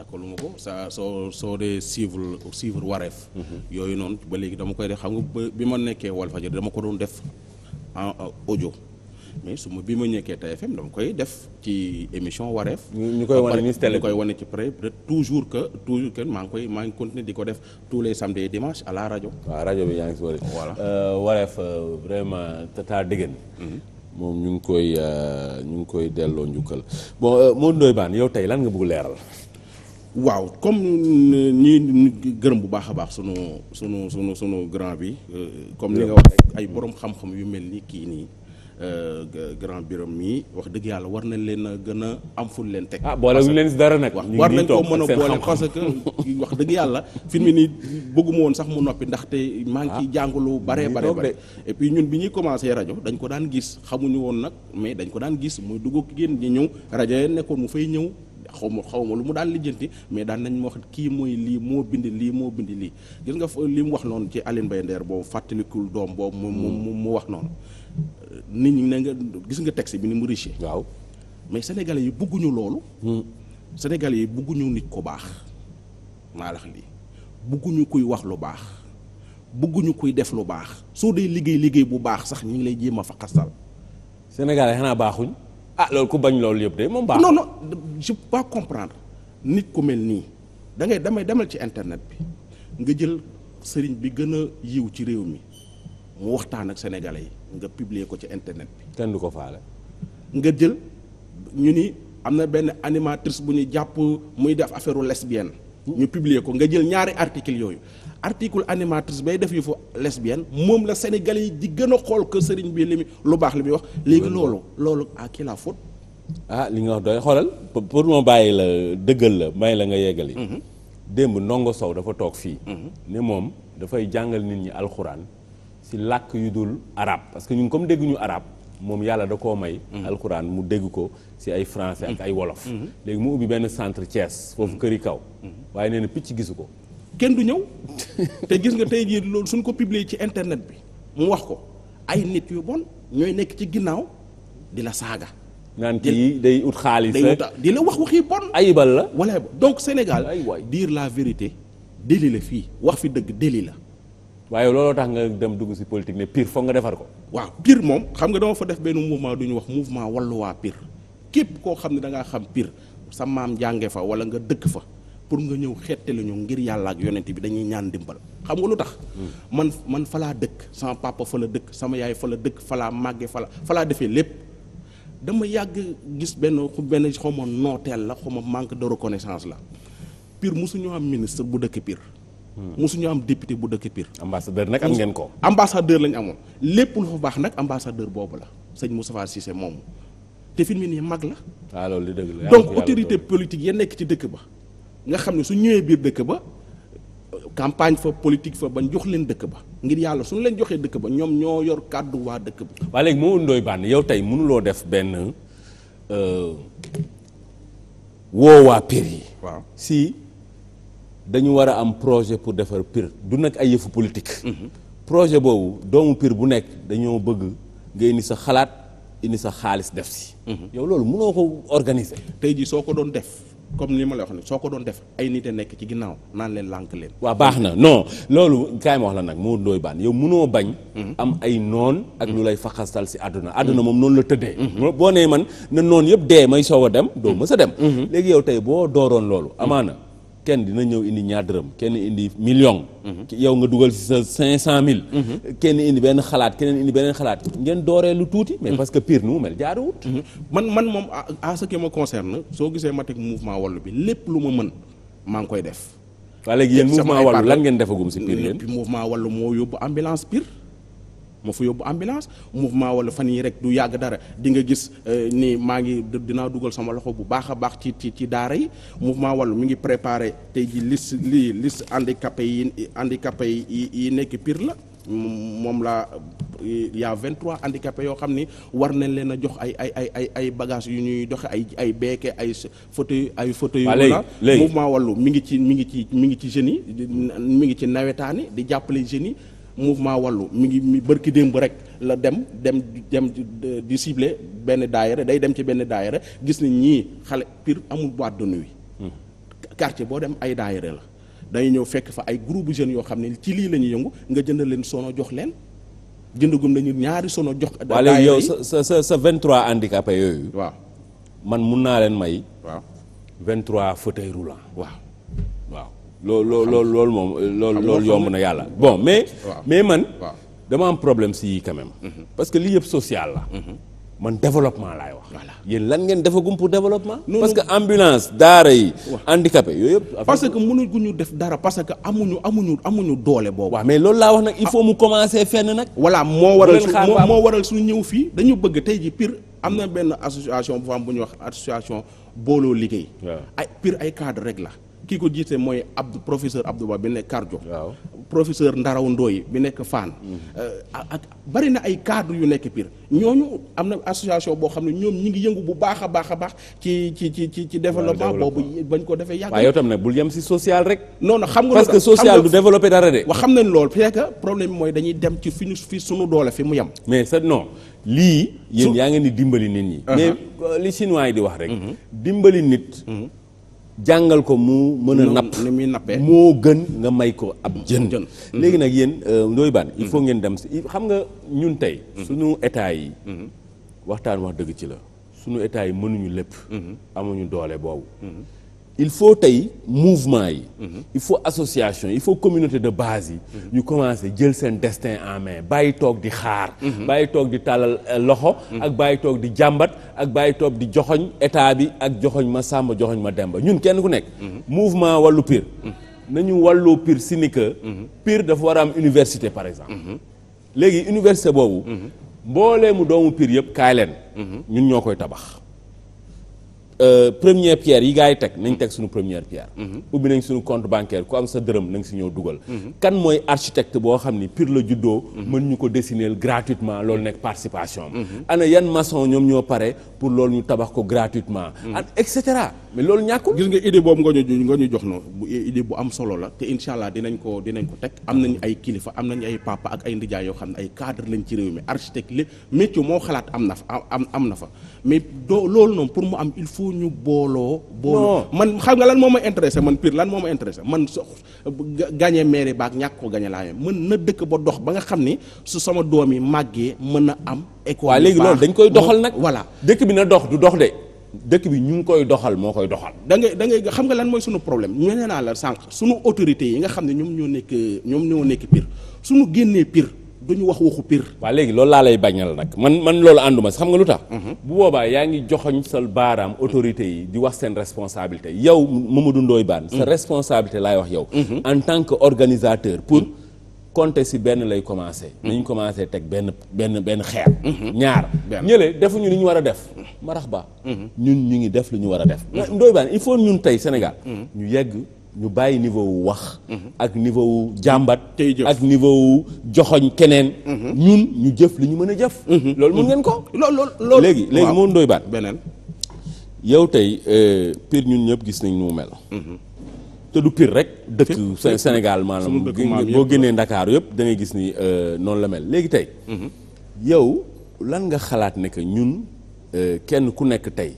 dakkalu ma ko sa soo soo dee suivre suivre wareef yooyu noonu ba léegi dama koy def xam nga bi ma nekkee wal fajri dama ko doon def en audio mais suma ma bi ma ñëkkee TFM dama koy def ci émission wareef. ñu koy wane ci télé ñu koy wane ci pré toujours que toujours que maa ngi koy maa ngi continuer di ko def tous les samedis et dimanches à la rajo. waaw rajo bi yaa ngi si wari. Euh, wareef euh, vraiment tata dégg mm-hmm. moom ñu ngi koy euh, ñu ngi koy delloo njukkal bo moo Ndoye yow tey lan nga bëgg leeral. waaw comme ñi bu baax a baax sunu sunu sunu sunu grand bi. comme li nga wax ay borom xam-xam yu mel ni kii nii. Euh, grand bureau mi wax dëgg yàlla war nañ leen a gën a am ful leen teg. ah boole leen si dara nag. war nañ ko mën a boole parce que wax dëgg yàlla fi mu nii bëgguma woon sax mu noppi ndaxte maa ngi ciy ah. jàngalu bare bare bare et ñun bi ñuy commencé rajo dañ ko daan gis xamuñu woon nag mais dañ ko daan gis muy dugg génn ñi ñëw rajo ya nekkoon mu fay ñëw. xaw ma xaw ma lu mu daan lijjanti mais daan nañ wax kii mooy lii moo bind lii moo bind lii gis nga li mu wax noonu ci Aline Baye Nder boobu fàttalikul doom boobu moom mu wax noonu nit ñi ne nga gis nga texte bi ni mu riche. waaw mais sénégalais yi bëgguñu loolu. Hmm. sénégalais yi bëgguñu nit ko baax. maa lax lii bëgguñu kuy wax lu baax bëgguñu kuy def lu baax soo dee liggéey liggéey bu baax sax ñu ngi lay jéem a fa xasal. sénégalais xanaa baaxuñ. ah loolu ku bañ loolu yëpp de moom baax. non non je peux comprendre nit ku mel nii da ngay damay demal ci internet bi nga jël sëriñ bi gën a yiw ci réew mi mu waxtaan ak sénégalais yi. nga publier ko ci internet bi. kenn du ko faale. nga jël ñu ni am na benn animatrice bu ñu jàpp muy def affaire lesbienne. ñu publier ko nga jël ñaari article yooyu. article animatrice bay def yu fa lesbienne moom la Sénégalais yi di gën a xool que sëriñ bi li lu baax li muy wax. léegi loolu loolu à ah, qui la ah li nga wax doy xoolal pour ma bàyyi la dëggal la may la nga yeggali. Mhm. démb ndongo sow dafa toog fii. Mhm. ne moom dafay jàngal nit ñi alxuraan. ci làkk yu dul araab parce que ñun comme dégguñu arab moom yàlla da koo may. Mm-hmm. alxuraan mu dégg ko ci ay français ak mm-hmm. ay wolof. Mm-hmm. léegi mu ubbi benn centre Thiès foofu këri kaw. waaye nee na picc gisu ko. kenn du ñëw [laughs] te gis nga tey jii loolu suñ ko publier ci internet bi mu wax ko ay nit yu bon ñooy nekk ci ginnaaw di la saaga. naan kii day ut xaalis di la wax waxi bon. ayibal la wala donc Sénégal dire la vérité déli la fii wax fi dëgg déli la. waaye looloo tax nga dem dugg si politique ne pire foog nga defar ko. waaw pire moom xam nga dama fa def benn mouvement du wax mouvement wallu waa piir képp koo xam ne da xam pire sa maam jànge fa wala nga dëkk fa pour nga ñëw xeete la ñu ngir yàlla ak yonent bi dañuy ñaan dimbal xam nga lu tax. Hmm. man man fa laa dëkk sama papa fa la dëkk sama yaay fala dëkk falaa laa màggee fa la fa defee lépp. dama yàgg gis benn benn xaw ma nooteel la xaw ma manque de reconnaissance la Pire mosu am ministre bu dëkk Pire mosuñu am député bu dëkk Pire. ambassadeur nag am ngeen ko. ambassadeur lañ amoon lépp lu fa baax nag ambassadeur boobu la sëñ Moustapha Cissé moomu te fi mu mag la. waaw ah, dëgg la donc autorité politique ya nekk ci dëkk ba nga xam ne su ñëwee biir dëkk ba. campagne fa politique fa bañ jox leen dëkk ba ngir yàlla suñu leen joxee dëkk ba ñoom ñoo yor kàddu waa dëkk ba waaye léegi moo ndooy bànn yow tey mënuloo def benn euh, woowaa Pire yi waaw dañu war a am projet pour defar Pire du nag ay yëfu politique. projet boobu doomu Pire bu nekk dañoo bëgg nga indi sa xalaat indi sa xaalis def si. yow loolu mënoo ko organiser. tey jii soo ko doon def comme ni ma la wax soo ko doon def ay nit nekk ci ginnaaw naan leen lànk leen. baax na non loolu kaay ma wax la nag moo dooy baan yow mënoo bañ. am ay noon ak lu lay faxastal si àdduna àdduna moom noonu la tëddee. boo nee man na noon yëpp dee may soow a dem doo mës a dem. Mhm. léegi yow tey boo dooroon loolu amaana. kenn dina ñëw indi ñaar dërëm kenn indi million. Mhm. yow nga dugal si sa cinq cent mille. Mhm. kenn indi benn xalaat keneen indi beneen xalaat ngeen dooree lu tuuti. mais mhm. parce que pire nu mu mel jaaduwut. man man moom à ce qui me soo gisee ma teg mouvement wallu bi lépp lu ma mën maa ngi koy def. waa léegi yéen mouvement wallu lan ngeen defagum si pire yéen. mouvement wallu moo yóbbu ambulance pire. moo fa yóbbu ambulance mouvement wala fan yii rek du yàgg dara dinga nga gis euh, ni maa ngi dinaa dugal sama loxo bu baax a baax ci ci ci daara yi mouvement wàllu mi ngi préparé tey ji liste lii liste handicapé yi handicapé yi yi nekk pire la moom laa y a 23 handicapés yoo xam ni war nañ leen a jox ay ay ay ay bagages yu ñuy doxe ay ay beeke ay fauteuil ay fauteuil léegi moom wàllu mi ngi ci mi ngi ci mu ngi ci jeunes yi mi ngi ci nawetaani di jàppale jeunes yi mouvement wàllu mu ngi mi bërki démb rek la dem dem dem di sible benn daayira day dem ci benn daayira gis ni ñii xale pire amul boîte de nuit hmm. quartier boo dem ay daayira la dañuy ñëw fekk fa ay groupe jeunes yoo xam ne ci lii la ñuy yëngu nga jënd leen sono jox leen jëndagum nañu ñaari sono jox daayira yi yow sa sa sa 23 handicapés yooyu waaw man mun naa leen may waaw 23 fauteuil roulant loolu loolu loolu moom loolu loolu yomb na yàlla bon mais mais man dama am problème si yi même mhm. parce que lii yëpp social la mhm. man développement laay wax. voilà yéen lan ngeen defagum pour développement. Non, parce non. que ambulance daara yi. waaw handicapé yooyu yëpp. parce que mënuñu def dara parce que amuñu amuñu amuñu doole boobu. waaw mais loolu laa wax nag il faut mu commencer fenn nag. voilà moo waral moo waral suñu ñëw fii dañu bëgg tey jii pire am na benn association bu fa am bu ñuy wax association booloo liggéey. ay pire ay cadre rek la. kii ko jiite mooy Abdou professeur Abdou Ba bi nekk cardio professeur Ndaraw Ndoye bi nekk Fann mm-hmm. euh, ak bari na ay cadre yu nekk piir ñooñu am na association boo xam ne ñoom ñi ngi yëngu bu baax a baax a baax ci ci ci ci ci développement boobu bañ ko defee yàgg waaw yow tam nag bul yem si social rek non xam nga parce que social du développé dara de wax xam nañ loolu c'est que problème mooy dañuy dem ci fi ñu fi suñu doole fi mu yem mais c'est non lii yéen yaa ngeen di dimbali nit ñi uh-huh. mais euh, li chinois yi di wax rek mm-hmm. dimbali nit mm-hmm. jàngal ko mu mën a napp ni muy nappee moo gën nga may ko ab jën mm-hmm. léegi nag yéen euh, Ndoye Bane il faut mm-hmm. ngeen dem xam nga ñun tey mm-hmm. suñu état yi waxtaan wax dëgg ci la suñu état yi mënuñu lépp amuñu doole boobu il faut tey mouvement yi. il faut association il faut communauté de base yi. ñu commencé jël seen destin en mais bàyyi toog di xaar. bàyyi toog di tàllal euh, loxo. ak bàyyi toog di jàmbat ak bàyyi toog di joxoñ état bi ak joxoñ ma Samba joxoñ ma Demba ñun kenn ku nekk. mouvement wàllu piir nañu wàllu piir si ni que. Pire dafa war am université par exemple. léegi université boobu. mboolee mu doomu Pire yëpp kaay leen. ñun ñoo koy tabax. Euh, première pierre yi gars yi teg nañ teg suñu première pierre. Mhm. ubbi nañ suñu compte bancaire ku am sa dërëm na nga si ñëw dugal. Mhm. kan mooy architecte boo xam ni Pire la juddoo. Mhm. mën ñu ko dessiner gratuitement loolu nekk participation am. ana yan maçon ñoom ñoo pare pour loolu ñu tabax ko gratuitement. ak et cetera mais loolu ñàkkul. gis nga idée boobu nga ñu nga ñu jox noonu bu idée bu am solo la te incha allah dinañ ko dinañ ko teg am nañ ay kilifa am nañ ay papa ak ay ndijaay yoo xam ne ay cadre lañ ci réew mi architecte li métier moo xalaat am na fa am am na fa. mais doo loolu noonu pour mu am il faut ñu booloo. booloo man xam nga lan moo ma intéressé man pire lan moo ma intéressé man so gagné mairie baak ñàkk ko gagné laa mën na dëkk ba dox ba nga xam ni su sama doom yi màggee mën na am. école waaw léegi loolu dañ koy doxal nag. voilà dëkk bi na dox du dox de. dëkk bi ñu ngi koy doxal moo koy doxal. da dangay da xam nga lan mooy sunu problème ñu nee naa la sànq sunu autorité yi nga xam ne ñoom ñoo nekk ñoom ñoo nekk pire sunu génnee pire. du ñu wax waxu pire. waaw léegi loolu laa lay bañal nag man man loolu ànduma si xam nga lu tax. Mhm. bu boobaa yaa ngi joxoñ sal baaraam autorité yi di wax seen responsabilité yow Mamadou Ndoye baan sa mhm. responsabilité laay wax yow. Mhm. en tant que organisateur pour. compter si benn lay commencé. nañu commencé teg benn benn benn xeer. ñaar ñële defuñu li ñu war a def. marax ba ñun ñu ngi def lu ñu war a def. Ndoye Bane il faut ñun tey Sénégal. ñu yegg. ñu bàyyi niveau wu wax. Mhm. ak niveau wu jàmbat. ak niveau wu joxoñ keneen. Mhm. ñun ñu jëf li ñu mën a jëf. Mhm. loolu mun ngeen ko. loolu loolu léegi léegi moo doy baat beneen. yow tey euh, piir ñun ñëpp gis nañ nu mu mel. te du piir rek. dëkk Sénégal maanaam boo génnee Ndakaaru yëpp dangay gis ni euh, noonu la mel léegi tey. yow lan nga xalaat ne que ñun euh, kenn ku nekk tey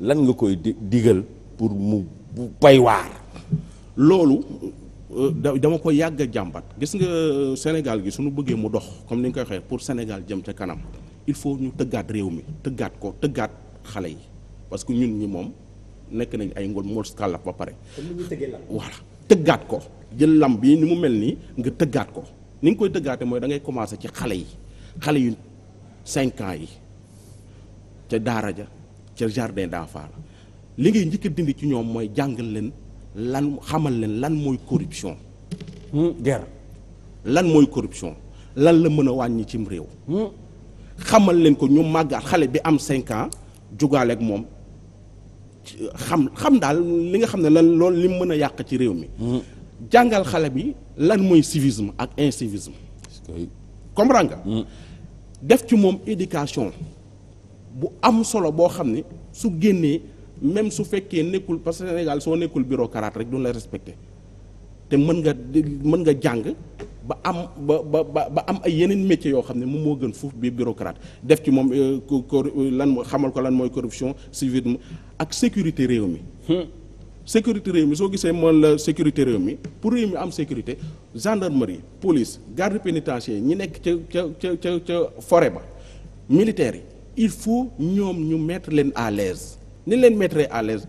lan nga koy digal pour mu bay waar. loolu euh, dama ko yàgg a jàmbat gis nga euh, Sénégal gi suñu bëggee mu dox comme ni nga koy waxee pour Sénégal jëm ca kanam il faut ñu tëggaat réew mi tëggaat ko tëggaat xale yi parce que ñun ñi moom nekk nañ ay ngol mors kàllaf ba pare voilà tëggaat ko jël lam bi ni mu mel nii nga tëggaat ko ni nga koy tëggaate mooy da ngay commencer ci xale yi xale yu cinq ans yi ca daara ja ca jardin d'enfants la li ngay njëkk a dindi ci ñoom mooy jàngal leen lan xamal leen lan mooy corruption. Hmm, guerre lan mooy corruption lan la mën a wàññi cim réew. Hmm. xamal leen ko ñu màggaat xale bi am cinq jogaaleek moom xam xam daal li nga xam ne lan lool lim mën a yàq ci réew mi. Hmm. jàngal xale bi lan mooy civisme ak incivisme. comprends nga. def ci moom éducation bu am solo boo xam ne su génnee. même su fekkee nekkul parce que Sénégal soo nekkul bureaucrate rek duñ la respecté te mën nga mën nga jàng ba am ba ba ba am ay yeneen métiers yoo xam ne moom moo gën fuuf bi bureaucrate def ci moom ko euh, lan xamal ko lan mooy corruption civisme ak sécurité réew mi. Hmm. sécurité réew mi soo gisee moom la sécurité réew mi pour réew mi am sécurité gendarmerie police garde pénitentiaire ñi nekk ca ca ca ca ca forêt ba militaires yi il faut ñoom ñu mettre leen à l'aise ni leen mettre à l'aise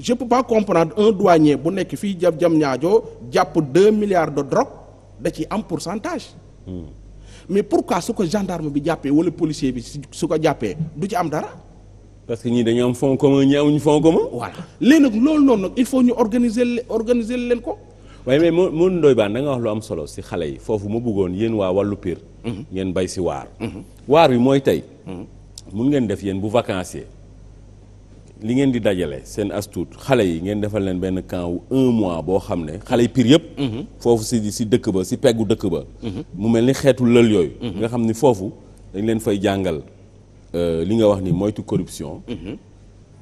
je peux pas comprendre un douanier bu nekk fii jam jam ñaajoo jàpp deux milliards de drogue da ci am pour centage hmm. mais pourquoi su ko gendarme bi jàppee wala policier bi su ko jàppee du ci am dara parce que ñii dañu am fonds commun ñii amuñu fonds commun voilà léegi nag loolu noonu nag il faut ñu organiser organiser leen ko waaye mais moo moo Ndoye Bane da nga wax lu am solo si xale yi foofu ma bëggoon yéen waa wàllu piir mm-hmm. ngeen bay si waar mm-hmm. waar wi mooy tey mm-hmm. mun ngeen def yéen bu vacancier li ngeen di dajale seen astuut xale yi ngeen defal leen benn camp wu un mois boo xam ne xale yi piir yëpp. Mhm. foofu si si dëkk ba si peggu dëkk ba. Mhm. mu mel ni xeetu lël yooyu. Mhm. nga xam ni foofu dañ leen fay jàngal euh, li nga wax ni moytu corruption.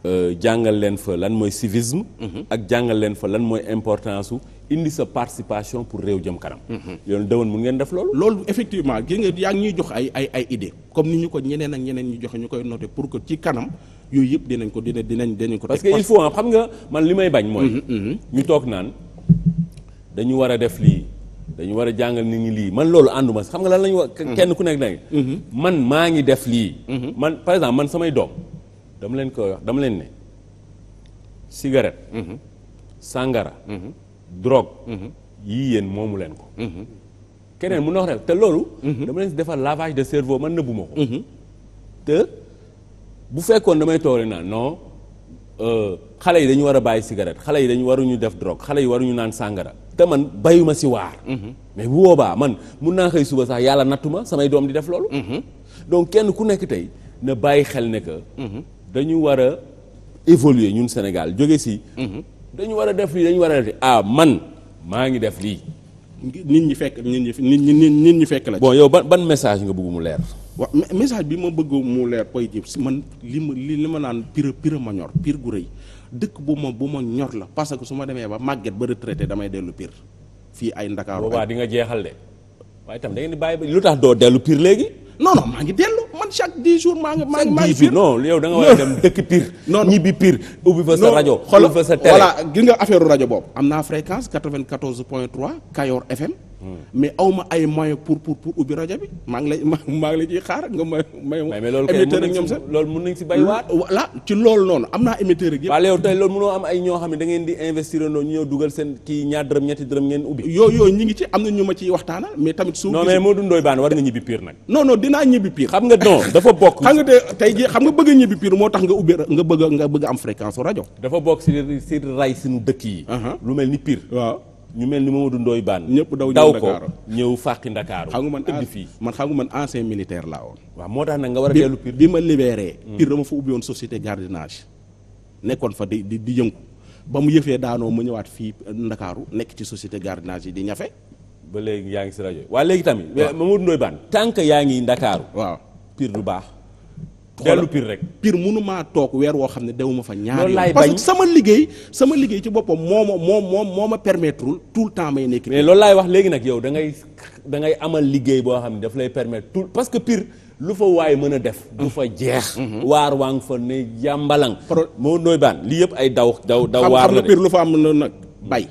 Euh, jàngal leen fa lan mooy civisme. ak jàngal leen fa lan mooy importance su indi sa participation pour réew jëm kanam. yoonu dëwën mun ngeen def loolu. loolu effectivement gis nga yaa ngi ñuy jox ay ay comme ni ñu ko ñeneen ak ñeneen ñu joxe ñu koy noté pour que ci kanam. yooyu yëpp dinañ ko dina dinañ dinañ ko. parce que il faut xam nga man li may bañ. mooy mm-hmm, mm-hmm. ñu toog naan dañu war a def lii dañu war a jàngal nit ñi lii man loolu ànduma xam nga lan lañu war mm-hmm. kenn ku nekk nag. man maa ngi def lii. man par exemple man samay doom dama leen koy wax dama leen ne cigarette. sàngara. drogue. yii yéen moomu leen ko. keneen mu nox rek te loolu. dama leen si defal lavage de cerveau man nëbbu ma ko. te. bu fekkoon damay toore naan non euh, xale yi dañu war a bàyyi cigarette xale yi dañu ñu def drogue xale yi waruñu naan sàngara te man bayuma si waar mhm. mais bu boobaa man mun naa xëy suba sax yàlla nattuma samay doom di def loolu mhm. donc kenn ku nekk tey na bàyyi xel ne que mhm. dañu war a évoluer ñun Sénégal jóge si dañu war a def lii dañu war a def ah man maa ngi def lii nit ñi fekk nit ñi nit ñi nit ñi fekk la boo yow ban ban message nga bëgg mu leer wa message bi ma bëgg mu leer koy jëm si man li ma li ma naan pire pire ma ñor pire gu rëy dëkk bu ma bu ma ñor la parce que su ma demee ba màgget ba retraité damay dellu pire fii ay Ndakaaru boobaa di nga jeexal de waaye tam da ngeen bàyyi ba lu tax doo dellu pire léegi. non maa ngi dellu man chaque dix jours maa ngi. maa ngi maa ngi pire non yow da nga war a dem dëkk pire. [laughs] non ñibbi pire ubbi fa sa rajo. xool fa sa télé voilà gis nga affaire rajo boobu. am naa fréquence 94 point 3 Kayor FM. Hmm. mais aw ay moyens pour pour pour ubbi rajo bi maa ngi lay [laughs] maa ngi lay xaar nga may. may ma émetteur ak ñoom sax loolu mën nañ si bay waat voilà ci loolu noonu am naa émetteur ak yëpp. waaw yow tey loolu mënoo am ay ñoo xam ngeen di investir noonu ñu ñëw dugal seen kii ñaar dërëm ñetti ñu ngi ci am na ñu ma ciy waxtaanal mais tamit. suuf non mais dinaa ñibbi piir xam nga non dafa bokk xam nga te tey jii xam nga bëgg a ñibbi piir moo tax nga ubbi nga bëgg bëgg am fréquence rajo dafa bokk si si ray suñu dëkk yi lu mel ni piir waaw ñu mel ni Mamadou Ndoye Bane ñëpp daw daw ko ñëw fàqi Ndakaaru xam nga man tëdd fii man xam nga man ancien militaire laa woon waa moo tax nag nga war a dellu piir bi ma libéré mm. piir dama fa ubbi woon société gardiennage nekkoon fa di di yëngu ba mu yëfee daanoo mu ñëwaat fii Ndakaaru nekk ci société gardiennage yi di ñafe ba léegi yaa ngi si rajo waa léegi tamit. waaw Mamadou Ndoye Bane. tant yaa ngi Ndakaaru. waaw piir du baax. dellu piir rek. Pire mënumaa toog weer woo xam ne dewuma fa ñaar yoon parce que sama liggéey sama liggéey ci boppam moo ma moo moo ma permettre tout le temps may nekk. loolu laay wax léegi nag yow dangay ngay amal liggéey boo xam ne daf lay permettre tout parce que Pire. lu fa waay mën a def du fa jeex mm-hmm. Mm-hmm. waar waa nga fa ne jàmbalang moo nooy baan lii yëpp ay daw daw daw waar la de lu fa am na nag bay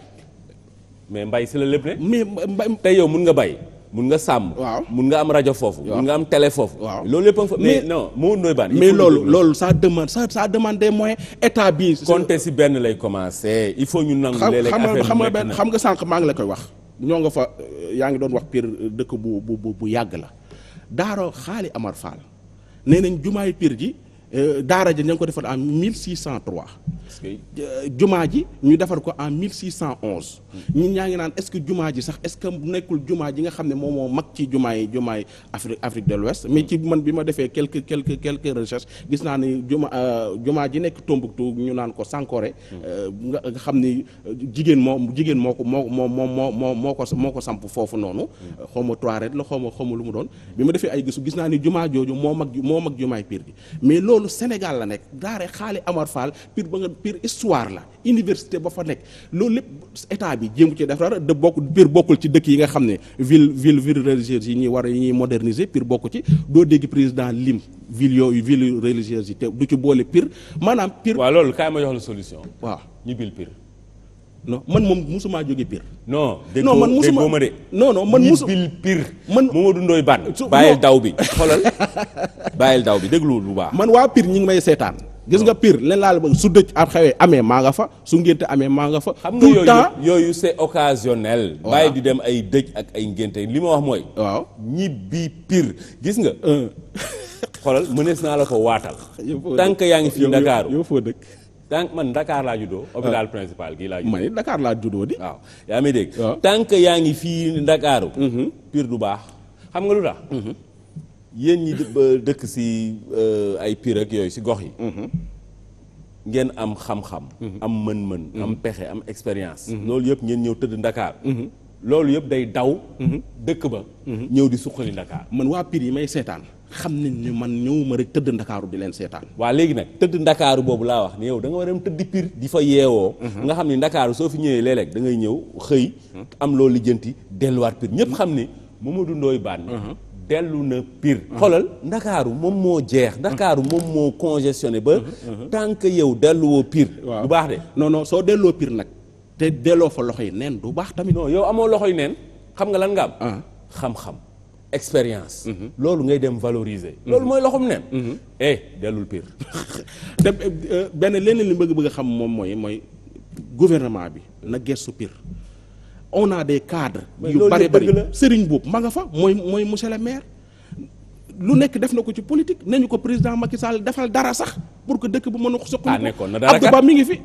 mais mbay si la lépp ne. mais mbay tey yow mun nga bay. mun nga sàmm. waaw mun nga am rajo foofu. mun nga am télé foofu. waaw loolu lépp fa mais non moo nooy baan. mais loolu loolu ça demande ça ça demande des état bi. compter si benn lay commencer il faut ñu nangu. léeg xam nga benn xam nga sànq maa ngi la koy wax. ñoo nga fa yaa ngi doon wax Pire dëkk bu bu bu yàgg la daaroo xaali Amar Fall nee nañ jumaay piir ji. Euh, daara ja ña ngi ko defar en 1603. Euh, jumaa ji ñu defar ko en 1611. ñun ñaa ngi naan est-ce que jumaa ji sax est-ce que nekkul jumaa ji nga xam ne moom moo mag ci jumaa yi jumaa yi Afrique Afrique de l'Ouest mais ci man bi ma defee quelques quelques quelques recherches gis naa ni juma euh, jumaa ji nekk Tombouctou ñu naan ko Sankoré. nga xam ni jigéen moo jigéen moo ko moo moo moo moo moo ko moo ko samp foofu noonu. xaw ma trois la ma xaw ma lu mu doon. bi ma defee ay gisu gis naa ni jumaa jooju moo mag moo mag jumaay piir gi mais loolu loolu Sénégal la nekk daare xaali Amar Fall pire ba nga pire histoire la université ba fa nekk loolu lépp état bi jéem ci def dara de bokk pire bokkul ci dëkk yi nga xam ne ville ville ville religieuse yi ñuy war yi ñuy moderniser pire bokku ci doo dégg président lim ville yooyu ville religieuse yi te du ci boole pire maanaam pire waaw loolu kaay ma jox la solution waaw non man moom musumaa jóge pire. non déggoo man musuma ma de. non man musu ñi pire. man Mamadou Ndoye Bane. su bàyyil daw bi [laughs] xoolal bàyyil daw bi déglu lu baax. man waa piir ñi ngi may seetaan. gis nga pire leen laa la bëgg su dëj ab xewee amee maa nga fa su ngénte amee maa nga fa. xam nga yooyu se occasionnel. bàyyi di dem ay dëj ak ay ngénte li ma wax mooy. waaw ñibbi piir gis nga. xoolal mënees naa la ko waatal. [laughs] tant yaa ngi fii Ndakaaru yow foo dëkk. donc man ndakaar laa juddoo. Ah. hôpital principal gii laa juddoo. man Dakar laa juddoo di. waaw yaa may dégg. Ah. tant yaa ngi fii Ndakaaru. Mm-hmm. pire du baax xam nga lu tax. Mm-hmm. yéen ñi dëkk si euh, ay piir ak yooyu si gox yi. Mm-hmm. ngeen am xam-xam. am mën-mën. am pexe am expérience. loolu yëpp ngeen ñëw tëdd Dakar. loolu yëpp day daw. dëkk ba. ñëw di suqali Dakar. man waa piir yi may seetaan. xam nañ ni man ñëwuma rek tëdd ndakaaru di leen seetaan waa léegi nag tëdd ndakaaru boobu laa wax ni yow da nga war am tëdd pir di fa yeewoo mhm. nga xam ni ndakaaru soo fi ñëwee léeg dangay ñëw xëy mhm. am loo lijjanti delluwaat pir ñëpp xam ne Mamadou Ndoye Bane mhm. dellu na piir xoolal ndakaaru moom moo jeex ndakaaru moom moo congestionné ba tant que yow delluwoo piir du baax de noonoo soo delloo piir nag te delloo fa loxo yi neen du baax tamit non yow amoo loxo yi neen xam nga lan am ah. xam expérience. Mhm. loolu ngay dem valoriser. loolu mooy loxum neen. Mhm. Mhm. eh dellul pire. [laughs] Eh, eh, benn leneen li bëgg bëgg a xam moom mooy mooy gouvernement bi na gëstu pire. on a des cadres. yu bari bari sëriñ Boub ma nga fa mooy mooy monsieur le maire. lu nekk def na ko ci politique nañu ko président Macky Sall defal dara sax pour que dëkk bu mën a soqali ko ah, nekkoon na dara Abdou Ba mi ngi fi.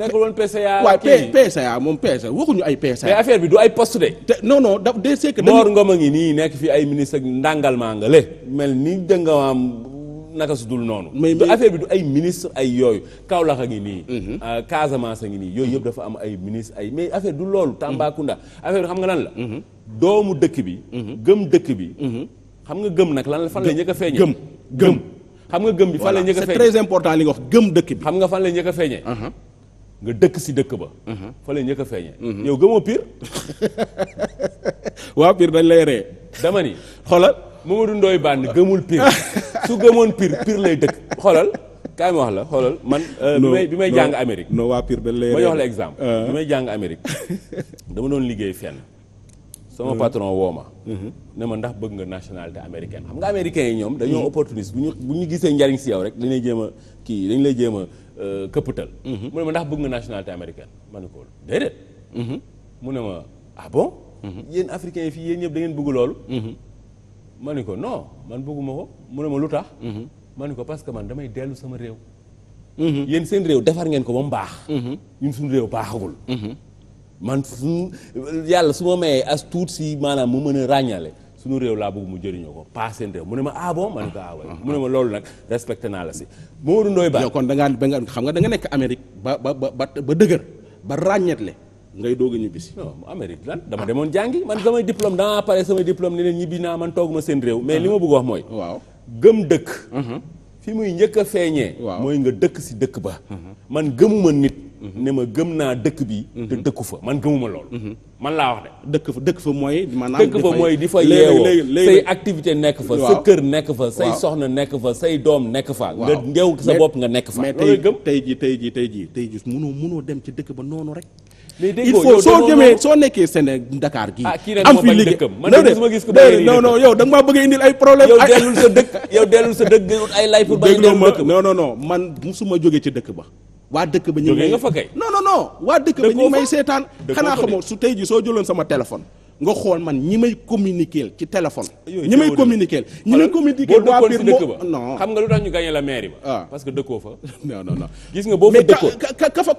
nekkul woon PCA waaw moom PCA waxuñu ay PCA. mais affaire bi du ay poste de. te da de c'est a ngi nii nekk fi ay ministre ak mel ni dëngawaam. naka su dul noonu. mais affaire bi du ay ministre ay yooyu Kaolack a ngi nii. Mhm. Ah, Casamance a ngi nii yooyu yëpp dafa am ay ministre ay mais affaire du loolu. Mhm. Tambacounda affaire bi nga lan la. Mhm. doomu dëkk bi. gëm dëkk bi. xam nga gëm nag lan fan la njëkk a feeñee gëm gëm xam nga gëm bi fan la njëkk a important li nga wax gëm dëkk xam nga fan la njëkk a feeñee uh-huh. nga dëkk si dëkk ba uh-huh. fa la njëkk a feeñee uh-huh. yow gëmoo piir [laughs] waa piir dañ lay ree dama ni [laughs] xoolal Mamadou Ndoye Bane gëmul piir [laughs] su gëmoon piir piir lay dëkk xoolal kaay ma wax la xoolal man euh, bi may euh. bi may jàng Amérique non waa piir dañ lay ree ma jox la exemple bi may jàng Amérique dama doon liggéey fenn sama mhm. patron woo ma. Mhm. ne ma ndax bëgg nga nationalité américaine xam nga américains yi ñoom. dañoo opportuniste bu ñu bu ñu gisee njariñ si yow rek dañu lay kii dañu lay jéem a euh, mhm. mu ne ma ndax bëgg nga nationalité américaine ma ne ko déedéet. mu ne ma ah bon. yéen africains yi fii yéen ñëpp da ngeen bëgg loolu. ma ne ko non man bëgguma ko mu ne ma lu tax. ma ne ko parce que man damay dellu sama réew. yéen seen réew defar ngeen ko ba mu baax. ñun suñu réew baaxagul. man su yàlla su ma mayee as tuut si maanaam mu mën a ràññale suñu réew laa bëgg mu jëriñoo ko pas seen réew mu ne ma ah bon ma ne ko ah mu ne ma loolu nag respecté naa la si Mamadou Ndoye Bane yow kon da ngaa ba nga xam nga da nga nekk Amérique ba ba ba ba dëgër ba ràññeetle ngay doog a ñibbisi non Amérique lan dama demoon jàngi man samay diplôme dama pare samay diplôme ne leen ñibbi naa man toog ma seen réew mais li ma bëgg wax mooy waaw gëm dëkk mhm. fi muy njëkk a feeñee mooy nga dëkk si dëkk ba man gëmuma nit Mm-hmm. ne ma gëm naa dëkk bi. te mm-hmm. dëkku fa man gëmuma loolu. Mm-hmm. man laa wax de. dëkk fa dëkk fa mooy. maanaam dëkk fa di fa yeewoo say activité nekk fa. sa kër nekk fa say soxna nekk fa say doom nekk fa. nga ngeew sa bopp nga nekk fa. loolu gëm tey jii tey jii tey jii tey jii munoo dem ci dëkk ba noonu rek. il faut soo jëmee soo nekkee Sénégal Dakar gii. Ah, am fi liggéey man de gis ma gis ko non non da nga maa bëgg ay problème yow dellul sa dëkk yow dellul sa dëkk ay lay [laughs] pour bañ dem dëkk non man musuma jógee ci dëkk ba waa dëkk ba ñu ngi nga fa kay non non non waa dëkk ba ñu may seetaan xanaa xamoo su tey ji soo jëloon sama téléphone nga xool man ñi may communiquer ci téléphone ñi may communiquer ñi may communiquer waa biir moo non xam nga lu tax ñu gagné la mairie ba waaw ah. parce que dëkkoo fa [laughs] non non gis nga boo fa dëkkoo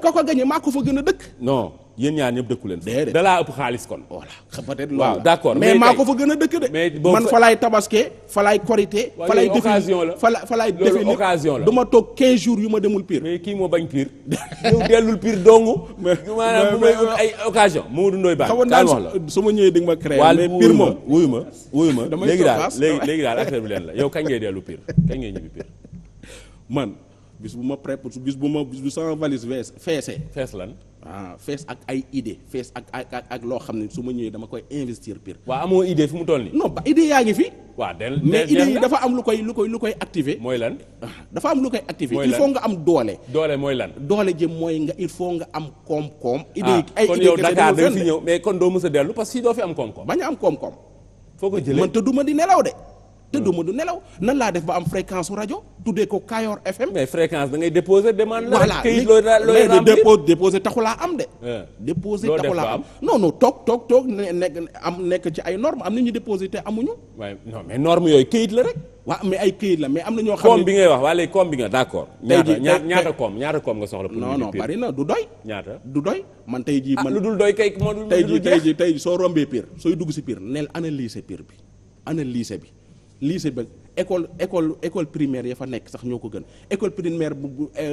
ka ko gagné maa ko fa gën a dëkk non yéen ñaar ñëpp dëkku leen fa dalaa ëpp xaalis kon voilà peut waaw d'accord mais maa ko fa gën a dëkk de man fa laay tabaske fa laay korité fa laay défini occasion la fa fa laay défini occasion toog 15 jours yu ma demul pire mais kii moo bañ pire [laughs] yow dellul pire dong maanaam bu may ay occasion Mamadou Ndoye Bane su ma ñëwee di nga ma créé mais ma ma [laughs] léegi léegi léegi daal [laughs] affaire leen la yow kañ ngay dellu pire kañ ngay ñibbi pire man bis bu ma prépare bis bu ma bis bu sama valise fees feesee lan ah fees ak ay idée fees ak ak ak ak loo xam ne su ma ñëwee dama koy investir pire. waa amoo idée fi mu toll nii. non ba idée yaa ngi fi. waaw del mais idée yi dafa am lu koy lu koy lu koy mooy lan ah, dafa am lu koy activé. il faut nga am doole. doole mooy lan. doole jëm mooy nga il faut nga am koom-koom. Ah, idée yi ay idée kon yow Dakar da fi ñëw mais kon doo mës a dellu parce que si doo fi am koom-koom. bañ am koom-koom. foo ko jëlee man tëdduma di nelaw de. tëdduma du nelaw nan laa def ba am fréquence su rajo tuddee ko Kayor FM. mais fréquence da ngay déposer demande la. voilà léegi léegi dépos déposer taxu laa am de. Ah. déposer taxu laa am non non toog toog toog nekk am nekk ci ay normes am na ñu déposer te amuñu. waaye non mais normes yooyu kayit la rek. waaw mais ay kayit la mais am na ñoo. xam ne koom bi ngay wax waa léegi koom bi nga d'accord. tey jii ñaata ñaata koom ñaata koom nga soxla. pour non non bari na du doy. ñaata du doy man tey jii. Ah, man lu dul doy kay moo dul tey jii tey jii tey soo rombee pire sooy dugg si pire neel analyser pire bi analyser bi lycée ba école école école primaire ya fa nekk sax ñoo ko gën école primaire bu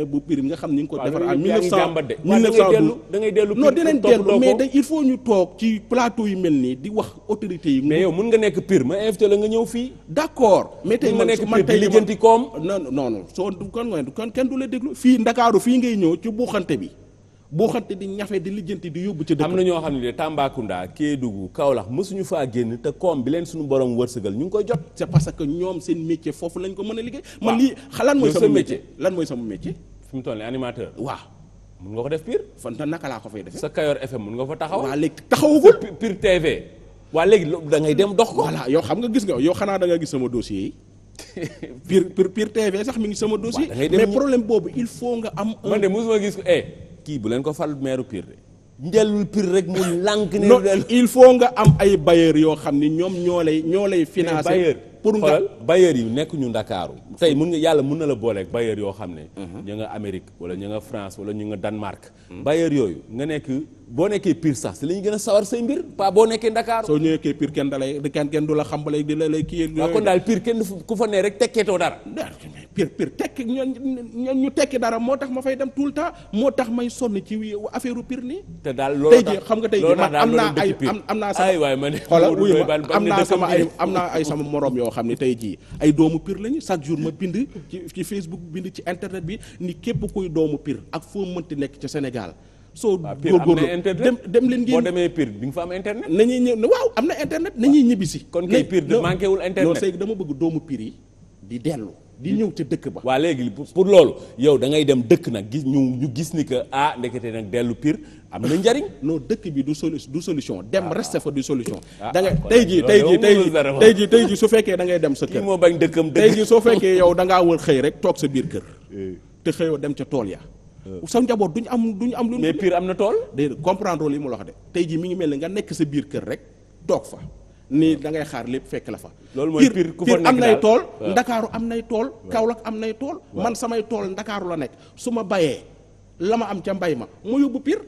bu prime euh, nga xam ni nga ko defar en mille neuf cent mille neuf cent da ngay dellu non dinañ dellu mais da ñu toog ci plateau yu mel nii di wax autorité yi mais yow mun nga nekk pire ma invité la nga ñëw fii d' accord mais tey man man tey lijjanti koom non non non soo kon kon kenn du la déglu fii ndakaaru fii ngay ñëw ci buuxante bi boo xante di ñafe di lijjanti di yóbbu ci am na ñoo xam ne de Tambacounda Kédougou Kaolack mësuñu faa génn te koom bi leen suñu borom wërsëgal ñu ngi koy jot c'est parce que ñoom seen métier foofu lañ ko mën a liggéey man lii lan mooy sama métier lan mooy sama métier fi mu toll nii animateur waaw mun nga ko def fan naka laa ko fay defee sa Kayor FM mun nga fa taxaw waa léegi taxawagul pire TV waa léegi da ngay dem dox ko voilà yow xam nga gis nga yow xanaa da nga gis sama dossier yi [laughs] pire pire pire TV sax mi ngi sama dossier mais problème boobu il faut nga am man de mosuma gis ko eh kii bu leen ko fal meeru Pire de. njëlul Pire rek mu lànk. ne il faut nga am ay bailleurs yoo xam ni ñoom ñoo lay ñoo lay. financé pour nga bailleurs yi nekk ñu ndakaaru tey mun nga yàlla mun na la booleeg bailleurs yoo xam ne mhm. ñu nga Amérique wala ñu nga France wala ñu nga Danemark bailleurs yooyu nga nekk boo nekkee Pire sax si la ñu gën a sawar say mbir pas boo nekkee Ndakaaru soo ñëwee Pire kenn dalay kenn kenn du la xam balay di la lay kii ak waaw kon daal Pire tekki ñu tekki dara moo tax ma fay dem tout le temps moo tax may sonn ci affaire Pire nii te daal loolu tey xam nga tey jii man am naa naa sama ay waay man xoolal am naa sama ay am naa sama morom yoo xam ne tey jii ay doomu Pire lañu chaque jour ma bind ci ci Facebook bind ci internet bi ni képp kuy doomu Pire ak foo mënti nekk ci ca Sénégal. soo góorgóorlu dem dem leen ngeen boo demee Pire bi nga fa am internet. nañuy ñëw waaw am na internet nañuy ñuy ñibbisi kon kay Pire de manqué wul internet non dama bëgg doomu Pire yi di dellu. di ñëw ca dëkk ba. waa léegi pour loolu yow dangay dem dëkk nag gis ñu ñu gis ni que ah ndekete nag dellu piir am na njariñ. [laughs] non dëkk bi du solu du solution. dem ah. reste fa du solution. Ah, da ngay ah, tey jii tey jii tey tey jii tey jii su fekkee dangay dem sa kër. kii moo bañ dëkkam dëkk tey soo fekkee yow da ngaa wër xëy rek toog sa biir kër. [laughs] Eh. te xëyoo dem ca tool ya. Eh. sa njaboot duñ am duñ am. lu mais piir am na tool. déedéet comprendre li mu loxo wax de. tey jii mi ngi mel ni nga nekk sa biir kër rek toog fa nii da ngay xaar lépp fekk la fa. loolu mooy pire ku fa nekk am nay tool. ndakaaru am nay tool. Kaolack am nay tool. man samay tool ndakaaru la nekk su ma bayee la ma am ca mbay ma mu yóbbu pire.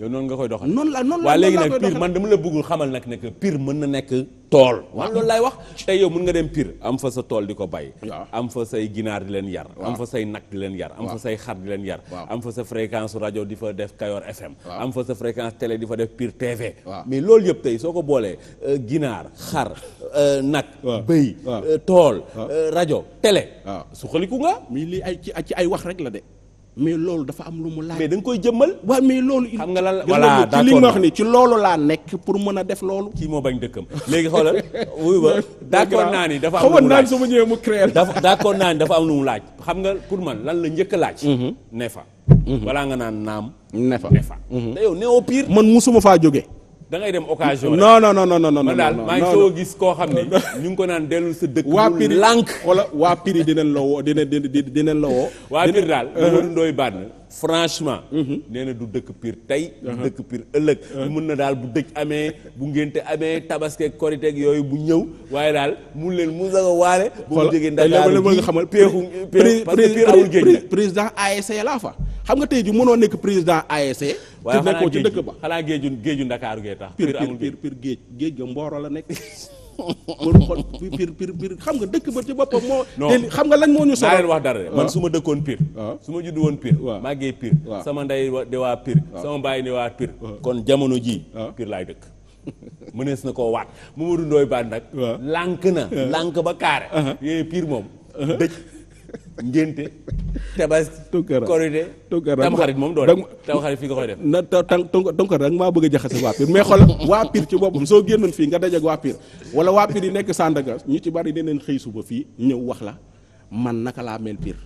yow noonu nga koy doxal noonu la noonu la waaw léegi nag man dama la bëggul xamal nag ne piir mën na nekk tool waaw loolu laay wax tey yow mën nga dem piir am fa sa tool di ko bay am fa say ginaar di leen yar am fa say nag leen yar am fa say xar di leen yar am fa sa fréquence rajo di fa def Kayor FM am fa sa fréquence télé di fa def Pire TV mais loolu yëpp tey soo ko boolee euh, ginaar xar euh, nag bëy euh, tool rajo télé su xaliku nga mi lii ay ci ay wax rek la de mais loolu dafa am lu mu laaj. mais da koy jëmmal. waaw mais loolu. xam nga lan voilà d'accord ci li nga wax ni ci loolu laa nekk pour mën a loolu. kii moo bañ dëkkam léegi xoolal. wuyu ba [laughs] d'accord naa ni dafa am lu mu laaj xaw ma naan su ma ñëwee mu créé. dafa am lu mu laaj. xam nga pour man lan la njëkk a laaj. Mhm. ne fa. Mhm. balaa nga naan naam. ne fa ne fa. Mhm. te yow nee au pire. man musuma faa jógee. da ngay dem occasion non non non non non non man daal maa ngi soo gis koo xam ne ñu ngi ko naan dellul sa dëkk. waa Pire lànk wala waa Pire dinañ la woo dinañ dinañ la woo. waa Pire daal Mamadou Ndoye Bane franchement. Mhm. nee na du dëkk piir tey. du uh-huh. dëkk piir ëllëg. Uh-huh. mun na daal bu dëj amee bu ngénte amee tabaskeeg koriteeg yooyu bu ñëw waaye daal mun leen mu sax a waale. bu mu jógee Ndakaaru nga xamal péexu parce que piir amul président ASC laa fa xam nga tey ju mënoo nekk président ASC. waaye xanaa géeju ci dëkk ba xanaa géeju géeju Ndakaaru gee tax. piir amul piir piir géej géej ga Mboro la nekk. [laughs] bëru xol pir pir pir xam nga dëkk ba ci boppam moo te xam nga lañ moo ñu solo wax dara man ah. su ma dëkkoon pir ah. su ma judd woon pir ah. màggee pir sama ndey di waa pir sama mbaay di waa pir kon jamono ji pir laay dëkk [laughs] mënees na koo waat Mamadou Ndoye Bane nag lànk na lànk ba kaare yooyu eh, pir moom dëj ngénte [laughs] tabas tunkara korite tunkara tam xarit moom doo tam xarit fii nga koy na tunkara da nga maa bëgg a jaxase waa Pire mais xool waa Pire ci boppam soo génnoon fii nga dajeg waa Pire wala waa Pire yi nekk Sandaga ñu ci bari deneen xëy suba fii ñëw wax la man naka laa mel piir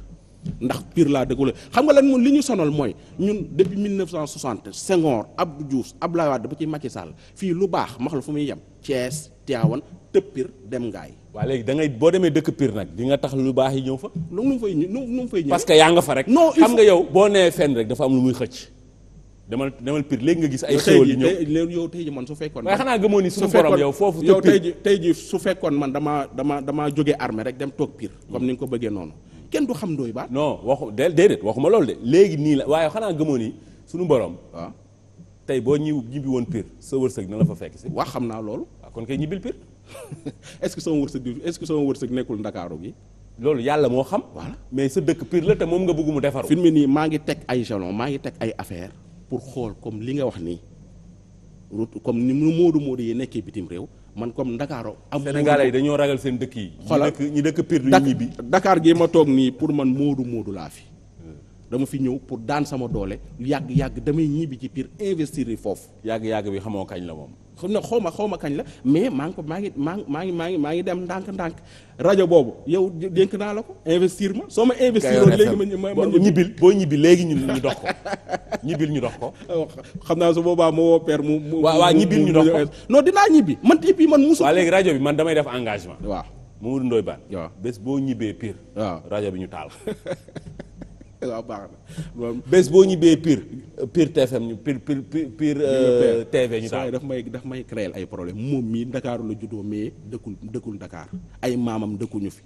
ndax piir laa dëkk wala xam nga lan moom li ñu sonol mooy ñun depuis 1960 Senghor Abdou Diouf Abdoulaye Wade ba ci Macky Sall fii lu baax max la fu muy yem Thiès Tivaouane tëb Pire dem ngaay waa léegi da ngay boo demee dëkk Pire nag di nga tax lu baax yi ñëw fa. nu mu fay ñëw parce que yaa nga fa rek. non am nga yow boo nee fenn rek dafa am lu muy xëcc. demal demal Pire léegi nga gis ay. xéwal yu ñëw yow tey ji man su fekkoon. waaye xanaa gëmoo ni suñu borom yow foofu. yow tey ji su fekkoon man dama damaa damaa jógee armée rek dem toog Pire. comme ni ñu ko bëggee noonu. kenn du xam Ndoye Bane. non waxu déedéet waxuma loolu de léegi nii la waaye xanaa gëmoon ni suñu borom. waaw ah. tey boo ñibbi woon Pire sa wërsëg na la fa fekk si. wax xam naa loolu. kon kay ñibbil [laughs] est-ce que sama wërsëg est-ce nekkul ndakaaru gi. loolu yàlla moo xam. voilà mais sa dëkk piir la te moom nga bëgg mu defaru fi mu nii maa ngi teg ay jalon maa ngi teg ay affaire pour xool comme li nga wax nii route comme ni mu Moodu Moodu yi nekkee bitim réew man comme Ndakaaru am Sénégalais yi dañoo ragal seen dëkk yi. xoolal ñi dëkk pire du bi Dakar gi ma toog nii pour man Moodu Moodu laa fi. dama fi ñëw pour daan sama doole yàgg yàgg damay ñibbi ci pire investir yi foofu. yàgg yàgg bi xamoo kañ la moom. xam na xaw ma xaw ma kañ la mais maa ngi ko maa ngi maa ngi maa ngi maa ngi dem ndànk-ndànk rajo boobu yow dénk naa la ko investir ma soo ma investir léegi ma ma ñibbil boo ñibbi léegi ñu dox ko [laughs] ñibbil ñu dox ko oh, xam naa su boobaa ma woo père mu waaw ñu dox ko non dinaa ñibbi man et puis man musu waaw léegi rajo bi man damay def engagement waaw Mamadou Ndoye Bane waaw bés boo ñibbee piir rajo bi ñu taal [laughs] [laughs] waaw baax na bés boo ñibbee piir piir TFM ñu Pire Pire Pire euh, TV ñu daal daf may daf may créel ay problème moom mii ndakaaru la juddoo mais dëkkul dëkkul ndakaar ay maamam dëkkuñu fi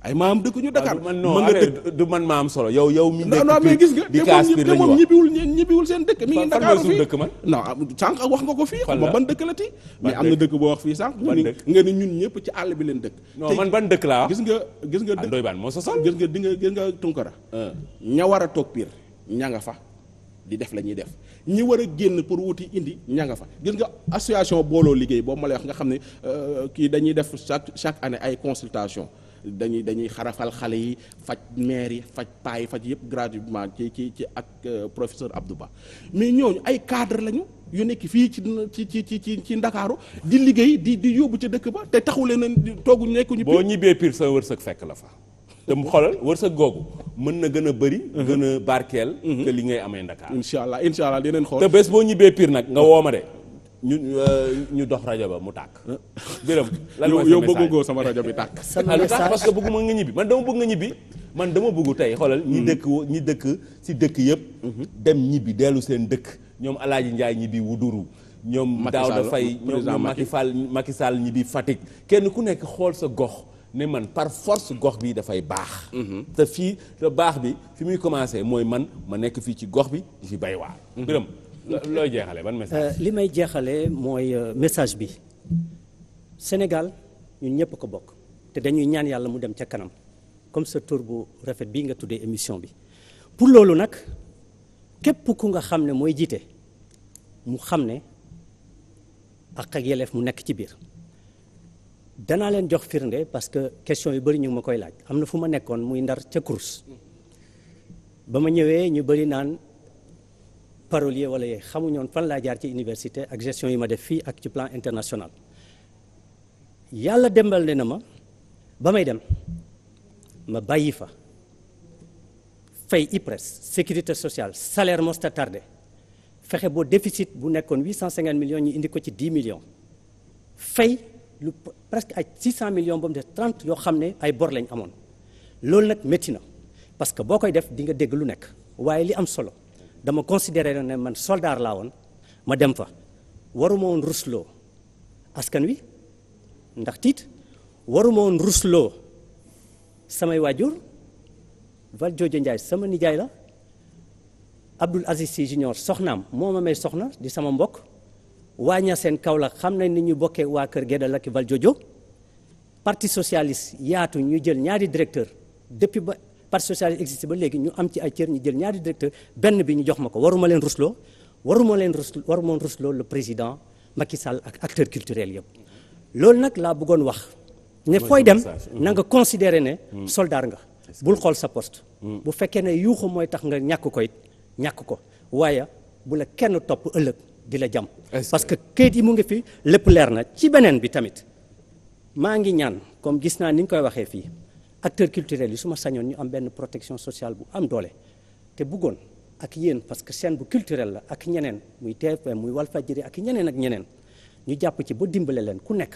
ay maam dëkkuñu Dakar. man nga dëkk du man maam solo yow yow. mi nekk non mais gis nga te moom ñibbiwul ñibbiwul seen dëkk. mi ngi Dakar fii dëkk man. wax nga ko fii. xam nga ban dëkk la ti mais am boo wax fii sànq. ban dëkk nga ni ñun ñëpp ci àll bi leen dëkk. non man ban dëkk laa gis nga gis nga. Ah, dëkk baan moo sa sol gis nga di nga gis nga tunkara. Ah. ña war a toog piir ña nga fa. di def la ñuy def ñi war a génn pour wuti indi ña nga fa gis nga association booloo liggéey boobu ma lay wax nga xam ne euh, kii dañuy def chaque chaque année ay consultation dañuy dañuy xarafal xale yi faj maire yi faj paa faj yëpp gratuitement ci ci ci ak euh, professeur Abdou Ba mais ñooñu ay cadre lañu yu nekk fii ci ci ci ci ci Ndakaaru di liggéey di di yóbbu ca dëkk ba te taxulee na toogu nekkuñu. boo ñibbee Pire sa wërsëg fekk la fa. te mu xoolal wërsëg googu mën na gën a bëri. Mhm. gën a barkeel. Mhm. que li ngay amee Ndakaar. incha allah incha allah dinañ xool te bés boo ñibbee piir nag nga woo de. ñu euh, ñu dox rajo ba mu tàkk. [laughs] Birame lan mooy yow bëggoo sama rajo bi tàkk. sama message parce que bëgguma nga ñibbi man dama bëgg nga ñibbi. man dama bëggu tey xoolal. ñi hmm. dëkk ñi dëkk si dëkk yëpp. Hmm. dem ñibbi dellu seen dëkk. ñoom El Hadj Ndiaye ñibbi Wuduru. ñoom Daouda Faye ñoom Macky Sall Macky Sall ñibbi Fatick. kenn ku nekk xool sa gox. ne man par force gox bi dafay baax. Hmm. te fii te baax bi fi muy commencé mooy man ma nekk fii ci gox bi di fi bay waar. Birame looy jeexale ban message. Euh, li may jeexale mooy euh, message bi Sénégal ñu ñëpp ko bokk te dañuy ñaan yàlla mu dem ca kanam comme sa tur bu rafet bii nga tuddee émission bi pour loolu nag képp ku nga xam ne mooy jiite mu xam ne ak ak yeleef mu nekk ci biir danaa leen jox firnde parce que question yu bëri ñu ma koy laaj am na fu ma nekkoon muy ndar ca course ba ma ñëwee ñu bëri naan parolier wala yee xamuñoon fan laa jaar ci université ak gestion yi ma def fii ak ci plan international yàlla dembal ne na ma ba may dem ma bàyyi fa fay IPRES sécurité sociale salaire mos ta tardé fexe boo déficit bu nekkoon 850 millions ñu indi ko ci 10 millions fay lu presque ak 600 cent million mu def trente yoo xam ne ay bor lañ amoon loolu nag métti na parce que boo koy def di nga dégg lu nekk waaye li am solo dama considéré ne man soldat laa woon ma dem fa waruma woon rusloo askan wi ndax tiit waruma woon rusloo samay waajur Val Joojo Njaay sama nijaay la Abdoul Aziz Sy Junior soxnaam moo ma may soxna di sama mbokk waa Ñaseen Kaolack xam nañ ni ñu bokkee waa kër Gédda Lakki Val Joojo parti socialiste yaatu ñu jël ñaari directeur depuis ba parti socialiste existe ba léegi ñu am ci ay cër ñu jël ñaari directeur benn bi ñu jox ma ko waruma leen rusloo waruma leen rusloo waruma le président Macky Sall ak acteur culturel yëpp loolu nag laa bëggoon wax ne fooy dem na nga considérer ne hmm. soldat nga bul xool sa post hmm. bu fekkee ne yuuxu mooy tax nga ñàkk ko it ñàkk ko waaye bu la kenn topp ëllëg di la jam parce que kayit yi mu ngi fi lépp leer na ci beneen bi tamit maa ngi ñaan comme gis naa ni ñu koy waxee fii acteurs culturels yi su ma sañoon ñu am benn protection sociale bu am doole te buggoon ak yéen parce que chaîne bu culturelle la ak ñeneen muy TFM muy Walfadjri ak ñeneen ak ñeneen ñu jàpp ci ba dimbale leen ku nekk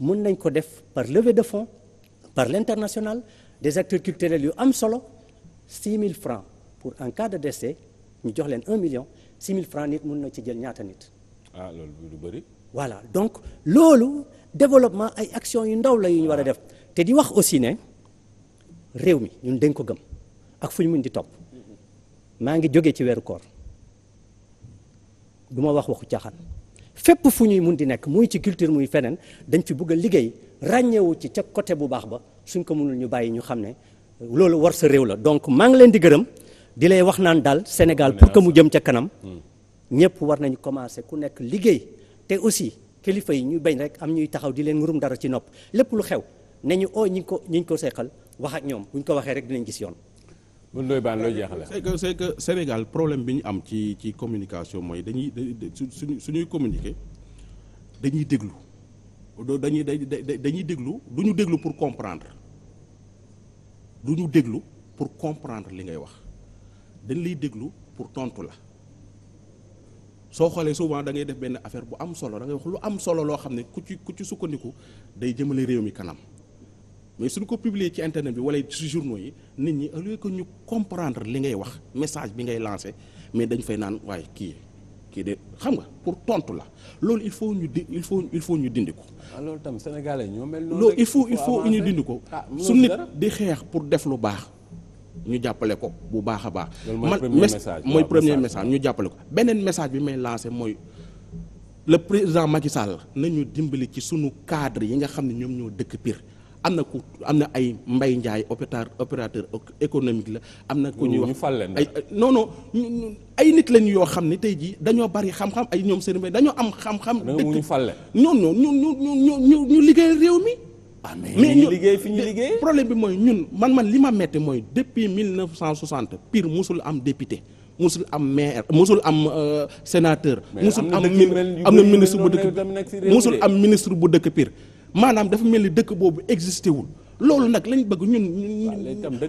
mun nañ ko def par levée de fonds par l'international des acteurs culturels yu am solo 6 mille francs pour en cas de décès ñu jox leen 1 million 6 000 francs nit mën na ci jël ñaata nit. ah loolu du bëri. voilà donc loolu développement ay actions yu ndaw la yu ñu war a def te di wax aussi ne. réew mi ñun dañ ko gëm ak fu ñu mun di topp maa ngi jóge ci weeru koor du ma wax waxu caaxaan fépp fu ñuy mun di nekk muy ci culture muy feneen dañ fi bugg a liggéey ràññeewu ci ca côté bu baax ba suñ ko mënul ñu bàyyi ñu xam ne loolu war sa réew la donc maa ngi leen di gërëm di lay wax naan daal Sénégal pour que mu jëm ca kanam ñëpp war nañu commencé ku nekk liggéey te aussi kilifa yi ñu bañ rek am ñuy taxaw di leen ngurum dara ci nopp lépp lu xew ne ñu oo ñi ko ñi ko seqal wax ak ñoom bu ñu ko waxee rek dinañ gis yoon. mën looy baal looy jeexale. c'est que que Sénégal problème bi ñu am ci ci communication mooy dañuy suñuy suñuy communiquer dañuy déglu dañuy dañuy déglu du ñu déglu pour comprendre du ñu déglu pour comprendre li ngay wax dañ lay déglu pour tontu la. soo xoolee souvent dangay def benn affaire bu am solo dangay wax lu am solo loo xam ne ku ci ku ci sukkandiku day jëmale réew mi kanam. mais suñ ko publier ci internet bi wala ci journaux yi nit ñi au lieu que ñu comprendre li ngay wax message bi ngay lancé mais dañ fay naan waaye kii kii de xam nga pour tontu la loolu il faut ñu di il faut il faut ñu dindi ko. Ah, loolu tam sénégalais ñoo mel noonu loolu il faut il faut ñu dindi ko. Ah, su nit di xeex pour def lu baax ñu jàppale ko bu baax a baax. man mooy premier message ñu jàppale ko beneen message bi may lancé mooy. le président Macky Sall nañu dimbali ci sunu cadre yi nga xam ne ñoom ñoo dëkk Pire am na ku am na ay Mbaye Ndiaye opérateur opérateur économique la am na ku ñuy wax ay non non ay nit lañu yoo xam ni tey jii dañoo bari xam-xam ay ñoom seen mbay dañoo am xam-xam non non ñu ñu ñu ñu ñu liggéey réew mi ah mais ñu liggéey fi ñu liggéey problème bi mooy ñun man man li ma metti mooy depuis 1960 Pire musul am député musul am maire musul am euh, sénateur musul am am na ministre bu dëkk musul am ministre bu dëkk Pire maanaam dafa mel ni dëkk boobu existé wul loolu nag lañ bëgg ñun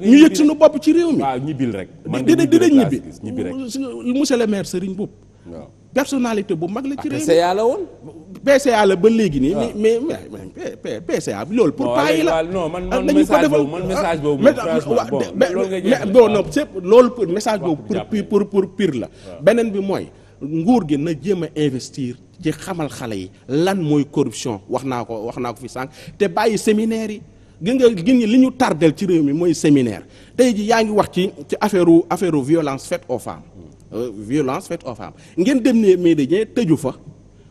ñu yëg suñu bopp ci réew mi waaw ñibbil rek dinañ ñibbi rek monsieur le maire Serigne Mboup personnalité bu mag la ci ah, réew mi PCA la woon PCA ba léegi nii ah. mais mais PCA bi loolu pour paa la non man man ah, message boobu man message boobu mais non non c'est loolu message boobu pour pour pour pire la beneen bi mooy nguur gi na jéem a investir ci xamal xale yi lan mooy corruption wax naa ko wax naa ko fi sànq te bàyyi séminaire yi gën nga li ñu tardel ci réew mi mooy séminaire tey ji yaa ngi wax ci ci affaire u affaire violence faite aux femmes euh, violence faite aux ngeen dem ne Médina tëju fa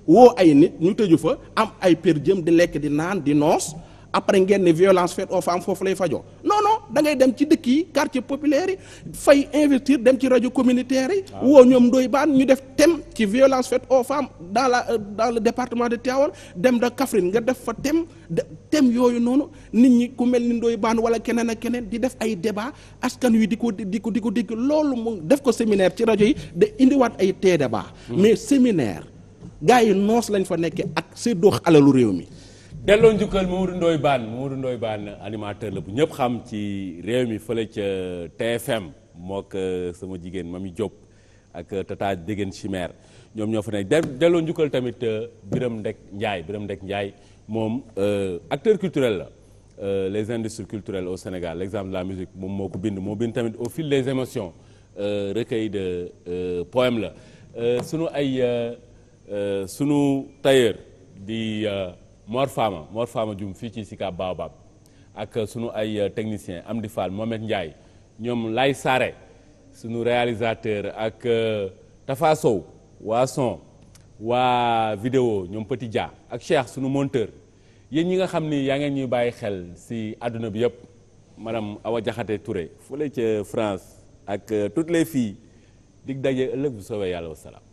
woo ay nit ñu tëju fa am ay pér jëm di lekk di naan di noos après ngeen ne violence faite aux femmes foofu lay fajoo non da ngay dem ci dëkk yi quartier populaire yi fay investir dem ci rajo communautaire yi woo ñoom doy baan ñu def thème ci violence faite aux femmes dans la euh, dans le département de Tivaouane dem da Kaffrine nga def fa thème thème yooyu noonu nit ñi ku mel ni ndoy baan wala keneen ak keneen di def ay débat askan wi di ko di ko di ko dégg loolu mu def ko séminaire ci rajo yi da indiwaat ay tee débat mais séminaire gars yi noos lañ fa nekkee ak séddoo alalu réew mi delloo njukkal Mamadou Ndoye Bane Mamadou Ndoye Bane animateur la bu ñëpp xam ci réew mi fële ca TFM mook euh, sama jigéen Mami Diop ak euh, Tata Dégène Chimère ñoom ñoo fa nekk delloo njukkal tamit euh, Birame Ndek Ndiaye Birame Ndek Ndiaye moom acteur culturel la les industries culturel au Sénégal l'exemple de la musique moom moo ko bind moo bind tamit au fil des émotions recueil de poème la sunu ay sunu tailleur di. Mor Fama Mor Fama Dioum fii ci Sicap Baobab ak sunu ay euh, technicien Amdi Fall Mohamed Ndiaye ñoom Lay Saare sunu réalisateur ak euh, Tafa Sow waa son waa vidéo ñoom Petit Dia ak Cheikh sunu monteur yéen ñi nga xam ni yaa ngeen ñuy bàyyi xel si àdduna bi yëpp madame Awa Diakhaté Touré fële ca France ak euh, toutes les filles dig daje ëllëg bu soobee yàlla wasalaam